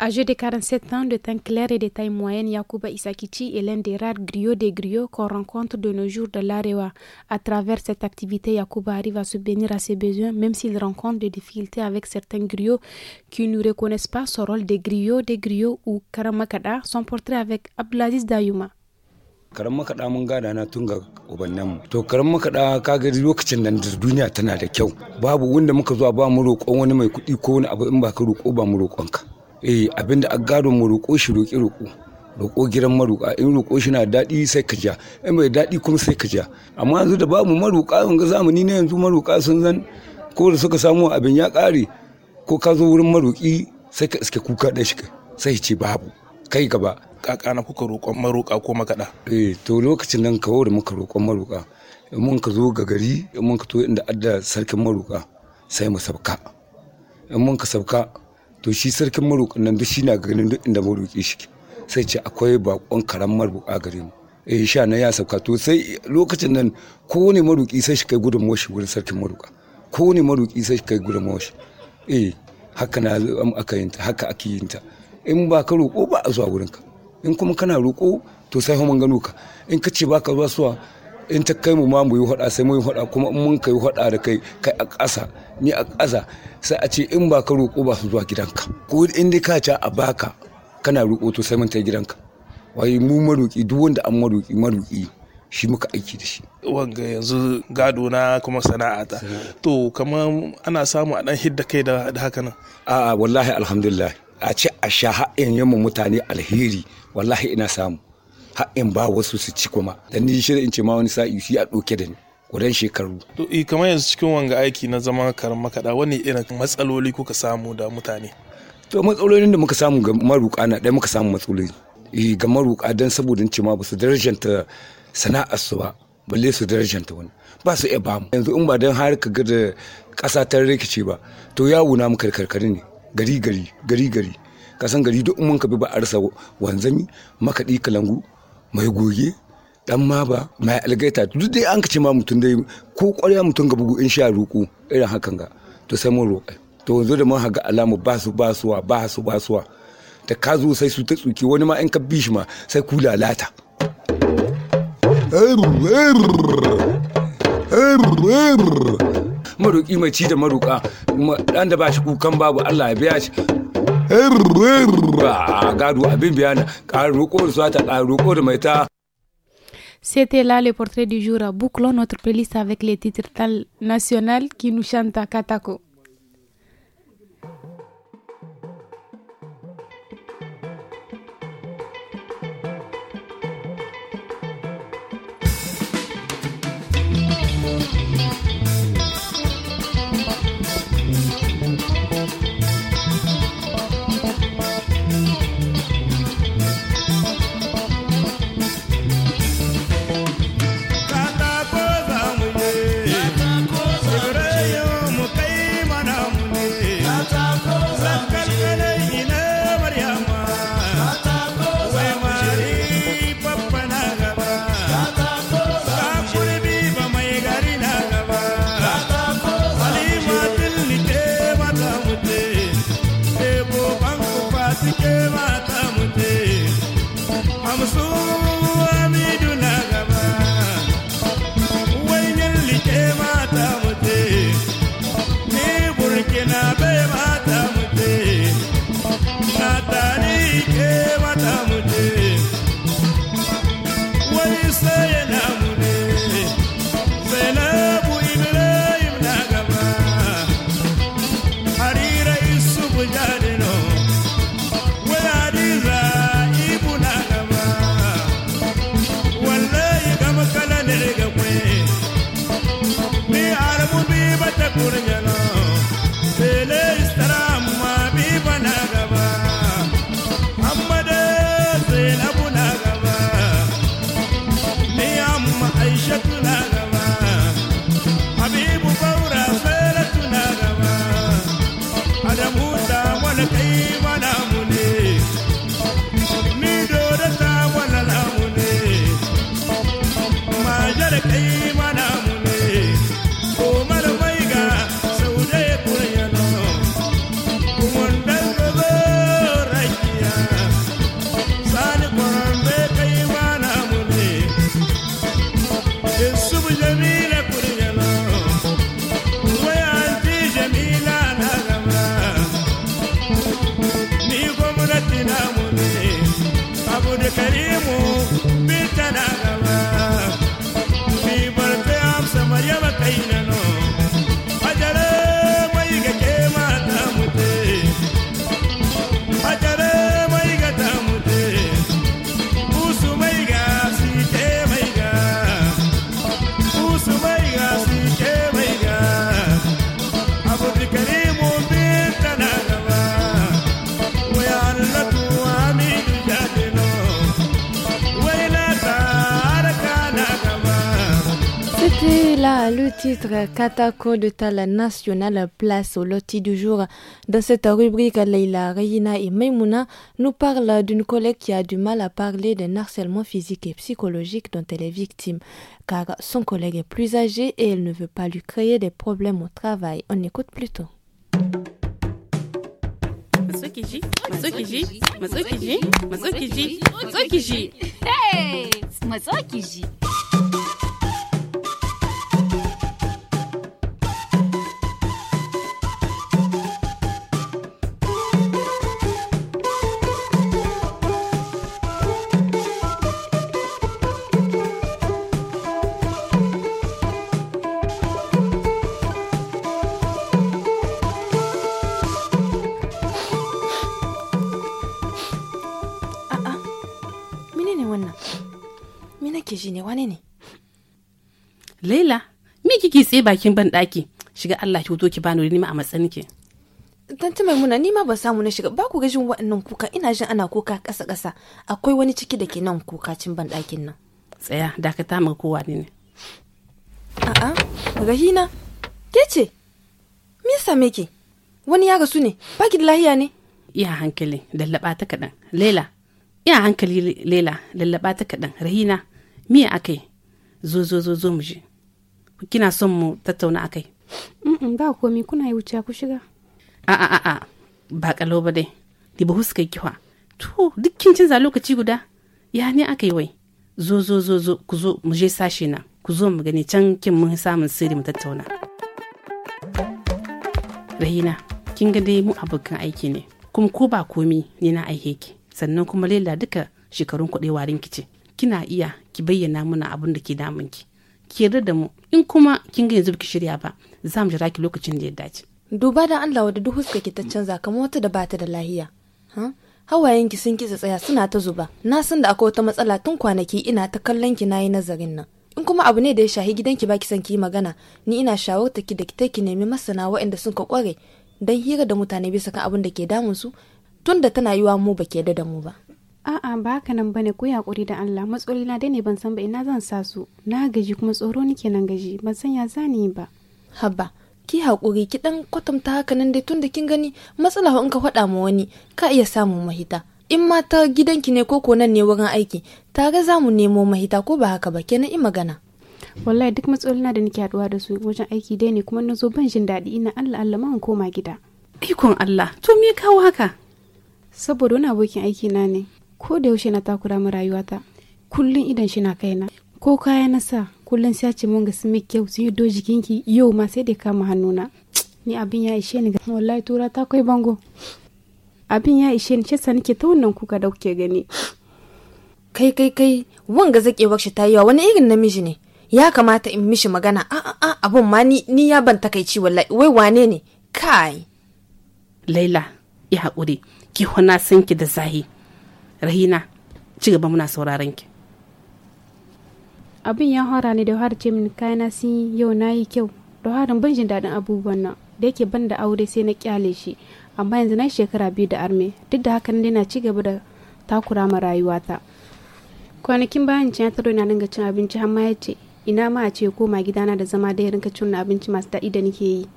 Âgé de 47 ans, de teint clair et de taille moyenne, Yakuba Isakichi est l'un des rares griots des griots qu'on rencontre de nos jours de l'Arewa. À travers cette activité, Yakuba arrive à se bénir à ses besoins, même s'il rencontre des difficultés avec certains griots qui ne reconnaissent pas son rôle de griots des griots ou Karamakada, son portrait avec Abdelaziz Dayuma. Karamakada na to lokacin da duniya tana da kyau babu wanda muka zuwa ba mu roƙon wani mai eh abinda a gado mu roƙo shi roƙi roƙo roƙo gidan maruƙa in roƙo shi na daɗi sai ka ja in bai daɗi kuma sai ka ja amma yanzu da babu maruƙa yanzu zamani ne yanzu maruƙa sun zan ko da suka samu abin ya ƙare ko ka zo wurin maruƙi sai ka iske kuka ɗan shi sai ce babu kai gaba kaka na kuka roƙon maruƙa ko makaɗa eh to lokacin nan kawo da muka roƙon maruƙa in mun ka zo ga gari in mun ka to inda adda sarkin maruƙa sai mu sabka in mun ka sabka to shi sarkin maroƙin nan duk shi na ganin duk inda maroƙi shi sai ce akwai bakon karan maroƙa gare mu eh sha na ya sauka to sai lokacin nan kowane maroƙi sai shi kai gudun moshi wurin sarkin maroƙa kowane maroƙi sai shi kai gudun moshi eh haka na aka yinta haka ake yinta in ba ka roƙo ba a zuwa wurinka in kuma kana roƙo to sai mun gano ka in ka ce ba ka zuwa in ta kai mu ma mu yi hada sai mu yi hada kuma in mun kai hada da kai kai a ƙasa ni a ƙasa sai a ce in ba ka roƙo ba su zuwa gidanka ko in dai ka ci a baka kana roƙo to sai mun ta gidanka wai mu maroƙi duk wanda an maroƙi maroƙi shi muka aiki da shi wanga yanzu gado na kuma sana'a ta to kamar ana samu a dan hidda kai da haka nan a'a wallahi alhamdulillah a ce a sha ha'in yamma mutane alheri wallahi ina samu haɗin ba wasu su ci kuma dan ni shi in ce ma wani sa'i shi a ɗauke da ni gudan shekaru. To i eh, kamar yanzu cikin wanga aiki na zama karan makaɗa wani irin matsaloli kuka samu da mutane? To matsalolin da muka samu ga maruƙa na ɗaya muka samu matsaloli. Eh ga maruƙa don saboda in ce ma ba su darajanta sana'ar su ba balle su darajanta wani ba su iya bamu. Yanzu in ba don har ka ga da ƙasa ta rikice ba to yawo na muka karkare ne gari gari gari gari. kasan gari duk mun ka bi ba a rasa wanzami makaɗi kalangu mai goge dan ba mai algaita duk dai an kace ma mutum dai ko ƙwarya mutum ga bugu in sha ruku irin hakan ga to sai mun roƙa to yanzu da mun haga alamu ba su ba suwa ba su ba suwa da ka zo sai su ta tsuki wani ma in ka bi ma sai ku lalata maroƙi mai ci da maroƙa ɗan da ba shi kukan babu allah ya biya shi Ah, C'était là le portrait du jour à Bouclo, notre playlist avec les titres nationaux qui nous chantent à Katako. Katako de Tala National, place au loti du jour. Dans cette rubrique, Leila, Reina et Maimouna nous parlent d'une collègue qui a du mal à parler d'un harcèlement physique et psychologique dont elle est victime, car son collègue est plus âgé et elle ne veut pas lui créer des problèmes au travail. On écoute plutôt. Hey me nake ji ne wane ne laila me kike sai bakin ban daki shiga Allah ki zo ki bani wuri nima a matsayin ki tanti maimuna ni ma ban samu na shiga ba ku ga jin waɗannan kuka ina jin ana kuka kasa kasa akwai wani ciki da ke nan kuka cin ban dakin nan tsaya dakata maka kowa ne ne a'a rahina ke ce me yasa me ki wani ya gasu ne ba ki da lahiya ne iya hankali lallaba ta kadan lela iya hankali lela lallaba ta kaɗan rahina me a zo zo zo zo mu je kina son mu tattauna akai mm ba komi kuna yi wuce ku shiga a a a ba kalo ba dai di ba huska kiwa to duk kin canza lokaci guda ya ne yi wai zo zo ku zo mu je sashe na ku zo mu gani can kin mun samun sirri mu tattauna rahina kin ga dai mu abokan aiki ne kuma ko ba komi ne na aike sannan kuma lela duka shekarun kuɗi warin kice kina iya ki bayyana mana abin da ke damun ki ki yarda da mu in kuma kin ga yanzu ki shirya ba za mu jira ki lokacin da ya dace duba da Allah wadda duk huska ki ta canza kamar wata da bata da lahiya hawayen ki sun kitsa tsaya suna ta zuba na san da akwai wata matsala tun kwanaki ina ta kallon ki nayi nazarin nan in kuma abu ne da ya shahi gidan ki baki son ki magana ni ina shawarta ki da ki ki nemi masana waɗanda sun ka kware dan hira da mutane bisa kan abin da ke damun su tun da tana yiwa mu ba ke da mu ba a'a ba haka nan bane ku hakuri da Allah matsaloli na dai ne ban san ba ina zan sa su na gaji kuma tsoro nake nan gaji ban san ya zani ba habba ki hakuri ki dan kwatanta haka nan dai tunda kin gani matsala in ka faɗa ma wani ka iya samun mahita in ma ta gidanki ne ko nan ne wurin aiki tare za mu nemo mahita ko ba haka ba kenan in magana wallahi duk na da nake haɗuwa da su wajen aiki dai ne kuma na zo ban jin daɗi ina Allah Allah ma koma gida ikon Allah to me kawo haka saboda wani abokin aiki na ne ko da yaushe na takura mu rayuwata kullun idan shi na kaina ko kaya na sa kullun sai ce mun ga sun kyau sun yi do jikinki yau ma sai dai kama hannuna ni abin ya ishe ni wallahi tura ta kai bango abin ya ishe ni shesa nake ta wannan kuka da kuke gani kai kai kai wanga zake shi ta yi wani irin namiji ne ya kamata in mishi magana a a a abun ma ni, ni ya ban takaici wallahi wai wane ne kai laila ya haƙuri ki hona sanki da zahi rahina ci gaba muna sauraron ki abin ya hora ne da har ce min kayana sun yau na yi kyau da harin ban jin daɗin abubuwan nan da yake ban da aure sai na kyale shi amma yanzu na shekara biyu da arme duk da hakan dai na ci gaba da takura ma rayuwata kwanakin bayan can ya taro na dinga cin abinci har ma ya ce ina ma a ce koma gidana da zama da ya rinka cin abinci masu daɗi da nake yi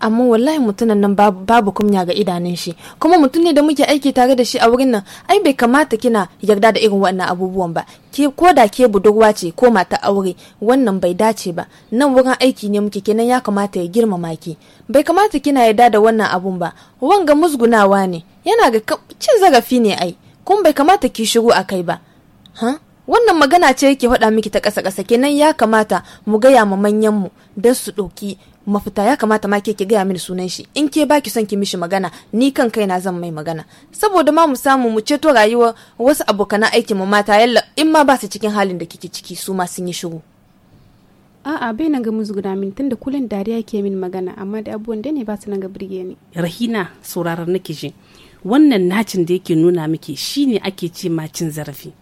amma wallahi mutumin nan babu kumya ga idanun shi kuma mutum ne da muke aiki tare da shi a wurin nan ai bai kamata kina yarda da irin wannan abubuwan ba ke ko da ke budurwa ce ko mata aure wannan bai dace ba nan wurin aiki ne muke kenan ya kamata ya girmama ki bai kamata kina yarda da wannan abun ba wanga musgunawa ne yana ga cin zarafi ne ai kuma bai kamata ki shiru a kai ba ha wannan magana ce yake faɗa miki ta ƙasa-ƙasa kenan ya kamata mu gaya ma manyanmu don su ɗauki mafita ya kamata ma ke ki gaya mini sunan shi in ke baki son ki mishi magana ni kan kai na zan mai magana saboda ma mu samu mu ceto rayuwar wasu abokan aikin mu mata yalla in ma ba su cikin halin da kike ciki su ma sun yi shiru a'a bai nan ga mu zuguna min tunda kullun dariya ke min magana amma da abubuwan da ne ba su nan ga birge ni rahina sauraron nake shi wannan nacin da yake nuna miki shine ake ce ma cin zarafi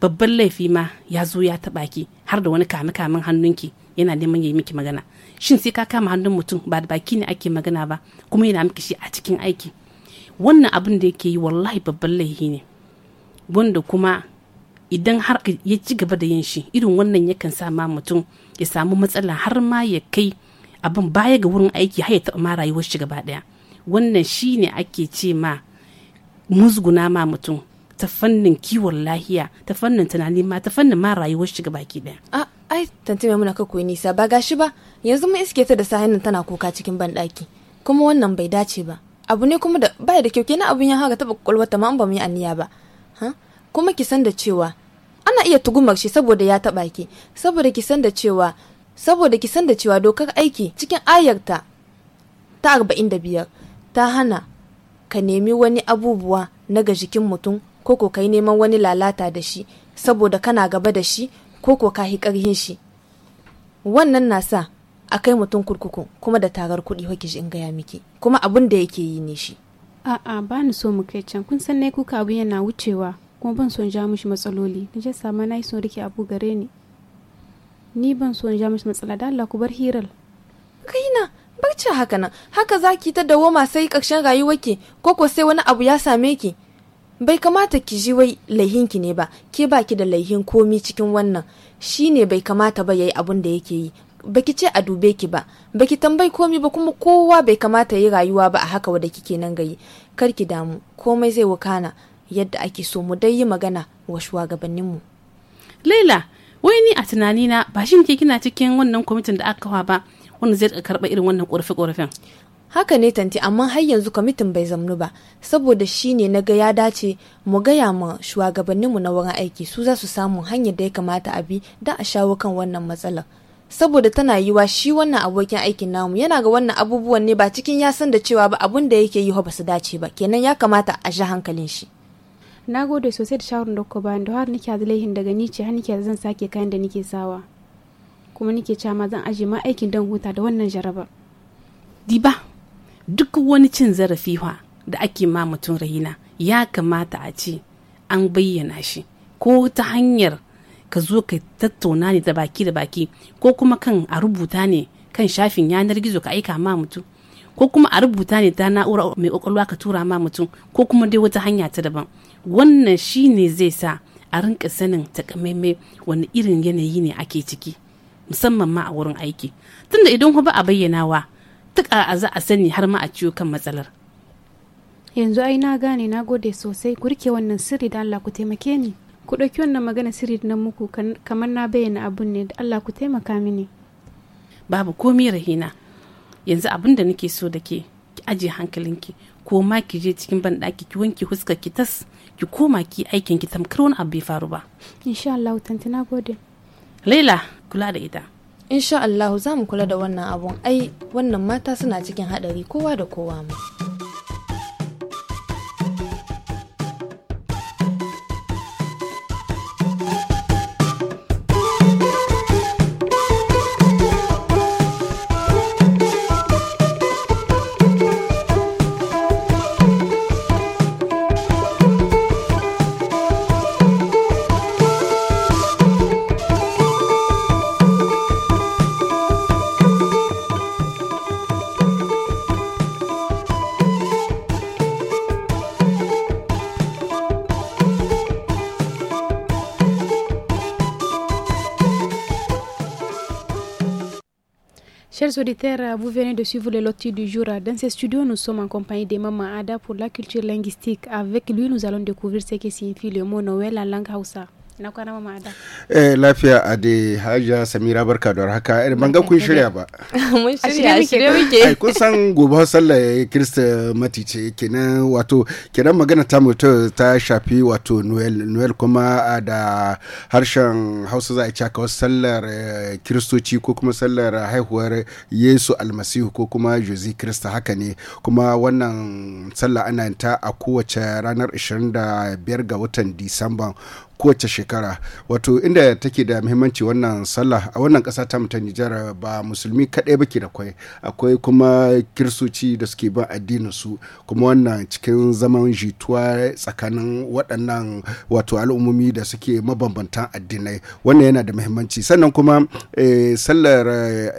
babban laifi ma ya zo ya taba ki har da wani kame kamen hannunki yana neman ya yi miki magana shin sai ka kama hannun mutum ba da baki ne ake magana ba kuma yana miki shi a cikin aiki wannan abin da yake yi wallahi babban laifi ne wanda kuma idan har ya ci gaba da yin shi irin wannan yakan sa ma mutum ya samu matsala har ma ya kai abin baya ga wurin aiki har ya taɓa ma rayuwar shi gaba ɗaya wannan shi ne ake ce ma musguna ma mutum ta fannin kiwon lahiya ta fannin tunani ma ta fannin ma rayuwar shi gaba ki ɗaya ai tanti mai muna ka koyi nisa ba gashi ba yanzu mun iske ta da sahin tana kuka cikin banɗaki kuma wannan bai dace ba abu ne kuma da baya da kyau kenan abun ya haka taba kwakwalwar ta ma an ba mu yi aniya ba ha kuma ki san da cewa ana iya tugumar shi saboda ya taba ki saboda ki san da cewa saboda ki san da cewa dokar aiki cikin ayarta ta arba'in da biyar, ta hana ka nemi wani abubuwa na ga jikin mutum ko ko kai neman wani lalata da shi saboda kana gaba da shi ko ko ka hi ƙarhin shi wannan na sa a kai mutum kurkuku kuma da tarar kuɗi shi in gaya miki kuma abin da yake yi ne shi a'a ba ni so mu kai can kun san ne kuka abu yana wucewa kuma ban son ja mishi matsaloli na je sama na yi son rike abu gare ni ni ban son ja mishi matsala da Allah ku bar hirar kaina barci haka nan haka zaki ta dawo ma sai ƙarshen rayuwarki ko ko sai wani abu ya same ki bai kamata ki ji wai laihinki ne ba ke baki da laihin komi cikin wannan shi ne bai kamata ba yayi abun da yake yi baki ce a dube ki ba baki tambayi komi ba kuma kowa bai kamata yi rayuwa ba a haka wadda kike nan gayi kar ki damu komai zai wakana yadda ake so mu dai yi magana wa shugabanninmu laila wai ni a tunani na ba shi kina cikin wannan kwamitin da aka kawa ba wanda zai karɓa irin wannan ƙorafe-ƙorafen haka ne tanti amma har yanzu kwamitin bai zamnu ba saboda shi ne na ga ya dace mu gaya ma shugabanninmu na wurin aiki su za su samu hanyar da ya kamata a bi don a shawo kan wannan matsalar saboda tana yiwa shi wannan abokin aikin namu yana ga wannan abubuwan ne ba cikin ya san da cewa ba abun da yake yi ba su dace ba kenan ya kamata a ji hankalin shi na gode sosai da shawarar da kuka bayan da har nake laifin daga ni ce har nake zan sake kayan da nake sawa kuma nake cewa ma zan aje ma aikin dan huta da wannan jarabar diba duk wani cin zarafi da ake ma mutum ra'ina ya kamata a ce an bayyana shi ko ta hanyar ka zo ka tattauna ne da baki da baki ko kuma kan a rubuta ne kan shafin yanar gizo ka aika ma mutum ko kuma a rubuta ne ta na'ura mai kwakwalwa ka tura ma mutum ko kuma dai wata hanya ta daban wannan shi ne zai sa a rinka sanin takamaimai wani irin yanayi ne ake ciki musamman ma a wurin aiki tunda idan ba a bayyanawa duk a za a sani har ma a ciwo kan matsalar yanzu ai na gane na gode sosai ku rike wannan sirri da Allah ku taimake ni ku ɗauki wannan magana sirri na muku kamar na bayyana abun ne da Allah ku taimaka mini babu komi rahina yanzu abin da nake so da ke ki aje hankalinki ko ma ki je cikin banɗaki ki wanke huskar ki tas ki koma ki aikin ki tamkar wani abu bai faru ba insha Allah tanti na gode Laila kula da ita insha Allahu za mu kula da wannan abun ai wannan mata suna cikin haɗari kowa da kowa mu. Chers vous venez de suivre le loti du jour. Dans ce studio, nous sommes en compagnie de Maman Ada pour la culture linguistique. Avec lui, nous allons découvrir ce que signifie le mot Noël en langue Hausa. na kwana mama da eh lafiya da hajiya samira barka da haka eh banga kun shirya ba mun shirya shirya muke ai kun san gobe sallah kirista matice kenan wato kenan magana ta mutu ta shafi wato noel noel kuma ah, da harshen hausa za a ci aka sallar eh, kiristoci ko kuma sallar haihuwar yesu almasihu ko kuma jose kirista haka ne kuma wannan sallah ana ta a kowace ranar 25 ga watan disamba kowace shekara wato inda take da muhimmanci wannan sallah a wannan kasa ta ta Nijar ba musulmi kaɗai ba ke da kwai akwai kuma kirsoci da suke ban addinin su kuma wannan cikin zaman jituwa tsakanin waɗannan wato al'ummomi da suke mabambantan addinai wannan yana da muhimmanci sannan kuma eh, sallar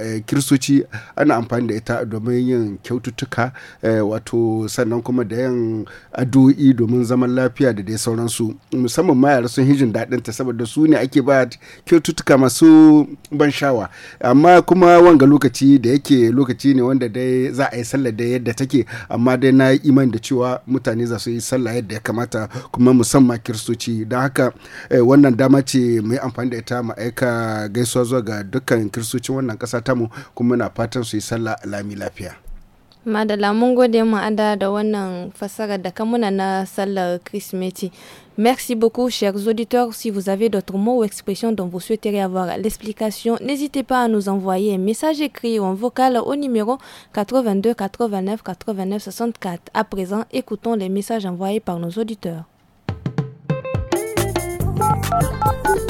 eh, kirsoci ana amfani da ita domin yin kyaututtuka eh, wato sannan kuma da yin addu'o'i domin zaman lafiya da dai sauransu musamman ma yara sun sun hijin daɗin ta saboda su ne ake ba kyaututtuka masu ban sha'awa amma kuma wanga lokaci da yake lokaci ne wanda dai za a yi sallah da yadda take amma dai na yi imani da cewa mutane za su yi sallah yadda ya kamata kuma musamman kiristoci don haka eh, wannan dama ce mai amfani da ita ma'aika gaisuwa zuwa ga dukkan kiristocin wannan ƙasa tamu kuma na fatan su yi sallah lami lafiya. Madala, mun gode ma'ada da fassara da Merci beaucoup, chers auditeurs. Si vous avez d'autres mots ou expressions dont vous souhaiteriez avoir l'explication, n'hésitez pas à nous envoyer un message écrit ou un vocal au numéro 82 89 89 64. À présent, écoutons les messages envoyés par nos auditeurs.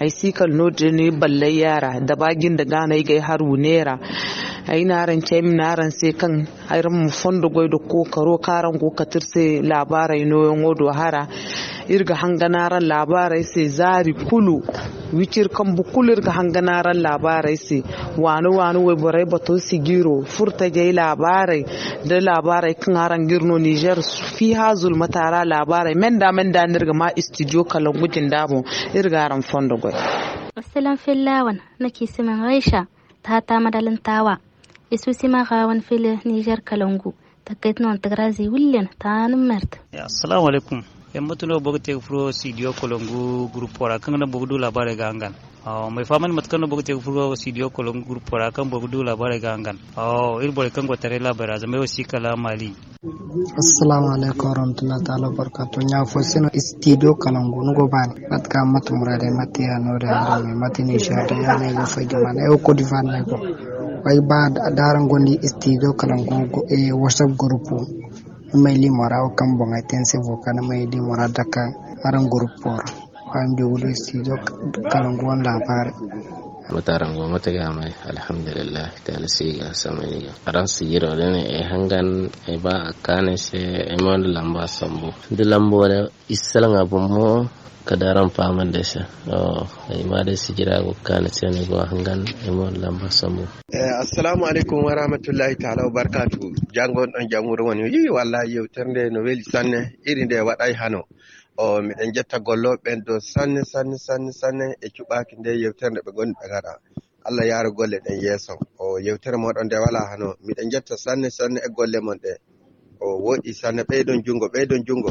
ai si kal ne ballai yara da bagin da gana gai haru nera ay naran cem naran se kan mu fondo goydo ko karo karan go sai labarai no do hara irga hanganaran labarai se zari kulu wicir kan irga ga hanganaran labarai se wani wani wai borai bato sigiro furta jai labarai da labarai kan haran girno niger fi hazul matara labarai menda menda nirga ma istijo gudin damu irga haran fondo goy asalan na nake siman raisha ta ta madalin tawa isuusima qaawan file niger kalongu takkaitno antagrazi willen taanin merte ya, assalamu alaikum studio ya, kolongu groupe ora kangna bogdu labare gangan aw ya, mai matkano bogte studio kolongu groupe ora kan bogdu labare gangan aw irbore kango tare labare azame osi kala mali assalamu alaikum fosino studio kalangu nugo bani matka mat murade mati anore arame mati ko pay bad adara gondi istigo kala gongo e whatsapp grupu mai limora o kam bonga tense vokana mai limora daka aran group por ham jogudo istigo kala gon labar mataran goma ta gama alhamdulillah ta lasiga samaniga aran su yi rolin e hangan e ba a se e mon lamba sambo de lambo da isalan abun mo kadaran paman dese o oh, imade sijirago kana senigo hangan emon lamba samu eh, assalamu aleykum wa rahmatullahi taala wa barakatuhu jangon ɗon janguro woni yi wallahi yewtere no weli sanne iri nde waɗay hano o oh, miɗen jetta golloɓe ɓen dow sanne sanne sanne sanne e eh. eh, cuɓaki nde yewtere nde ɓe goni ɓe gaɗa allah yaaro golle ɗen yeso o oh, yewtere moɗon de wala hano miɗen jetta sanne sanne e golle mon ɗe o woɗi sanne ɓeydon jungo ɓeydon jungo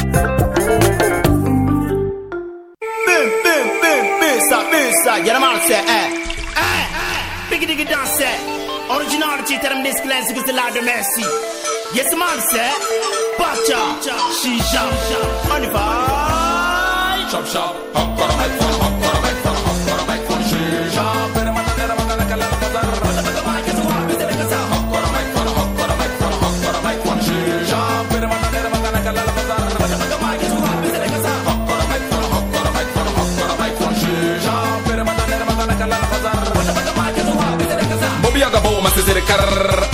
She tell them this is the Lord of mercy. Yes, man, sir. Bacha, she jump, Oliver. Chop, chop, hop, hop, se se kar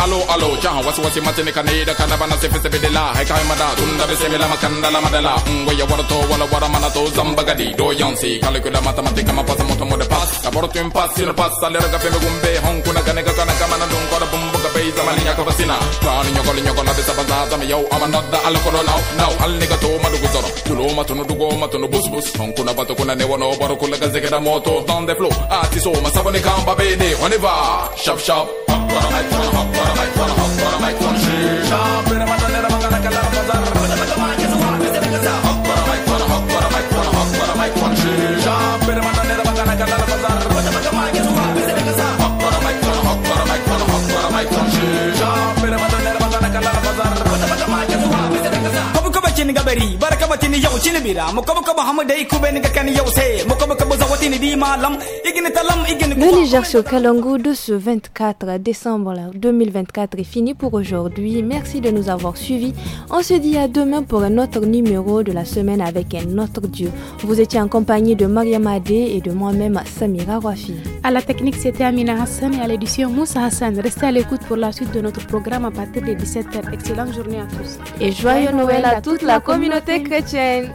alo alo jaha wasi wasi mati ne kane da kana bana se fese bedela hay mada tunda be se mela makanda la madala ngwe mm, ya warto wala wara mana to zamba gadi do yansi calcula matematica ma pasa moto mode pas la porto un pas sur pas sale raga pe gumbe hon na kane ka kana kana dun kora bumbu ka be zamani ya ka kani tani nyoko nyoko la be sabaza zam yo amanda da al corona now al ne ka to madu guzoro tulo matuno dugo matunu bus bus hon kuna bato kuna ne wono baro kula ka zegera moto down the flow ati so ma sabone kamba bene on y va shop shop Job. Le sur de ce 24 décembre 2024 est fini pour aujourd'hui. Merci de nous avoir suivis. On se dit à demain pour un autre numéro de la semaine avec un autre Dieu. Vous étiez en compagnie de Mariam Adé et de moi-même Samira Rafi. À la technique, c'était Amina Hassan et à l'édition Moussa Hassan. Restez à l'écoute pour la suite de notre programme à partir des 17h. Excellente journée à tous. Et joyeux Noël à toutes la communauté chrétienne.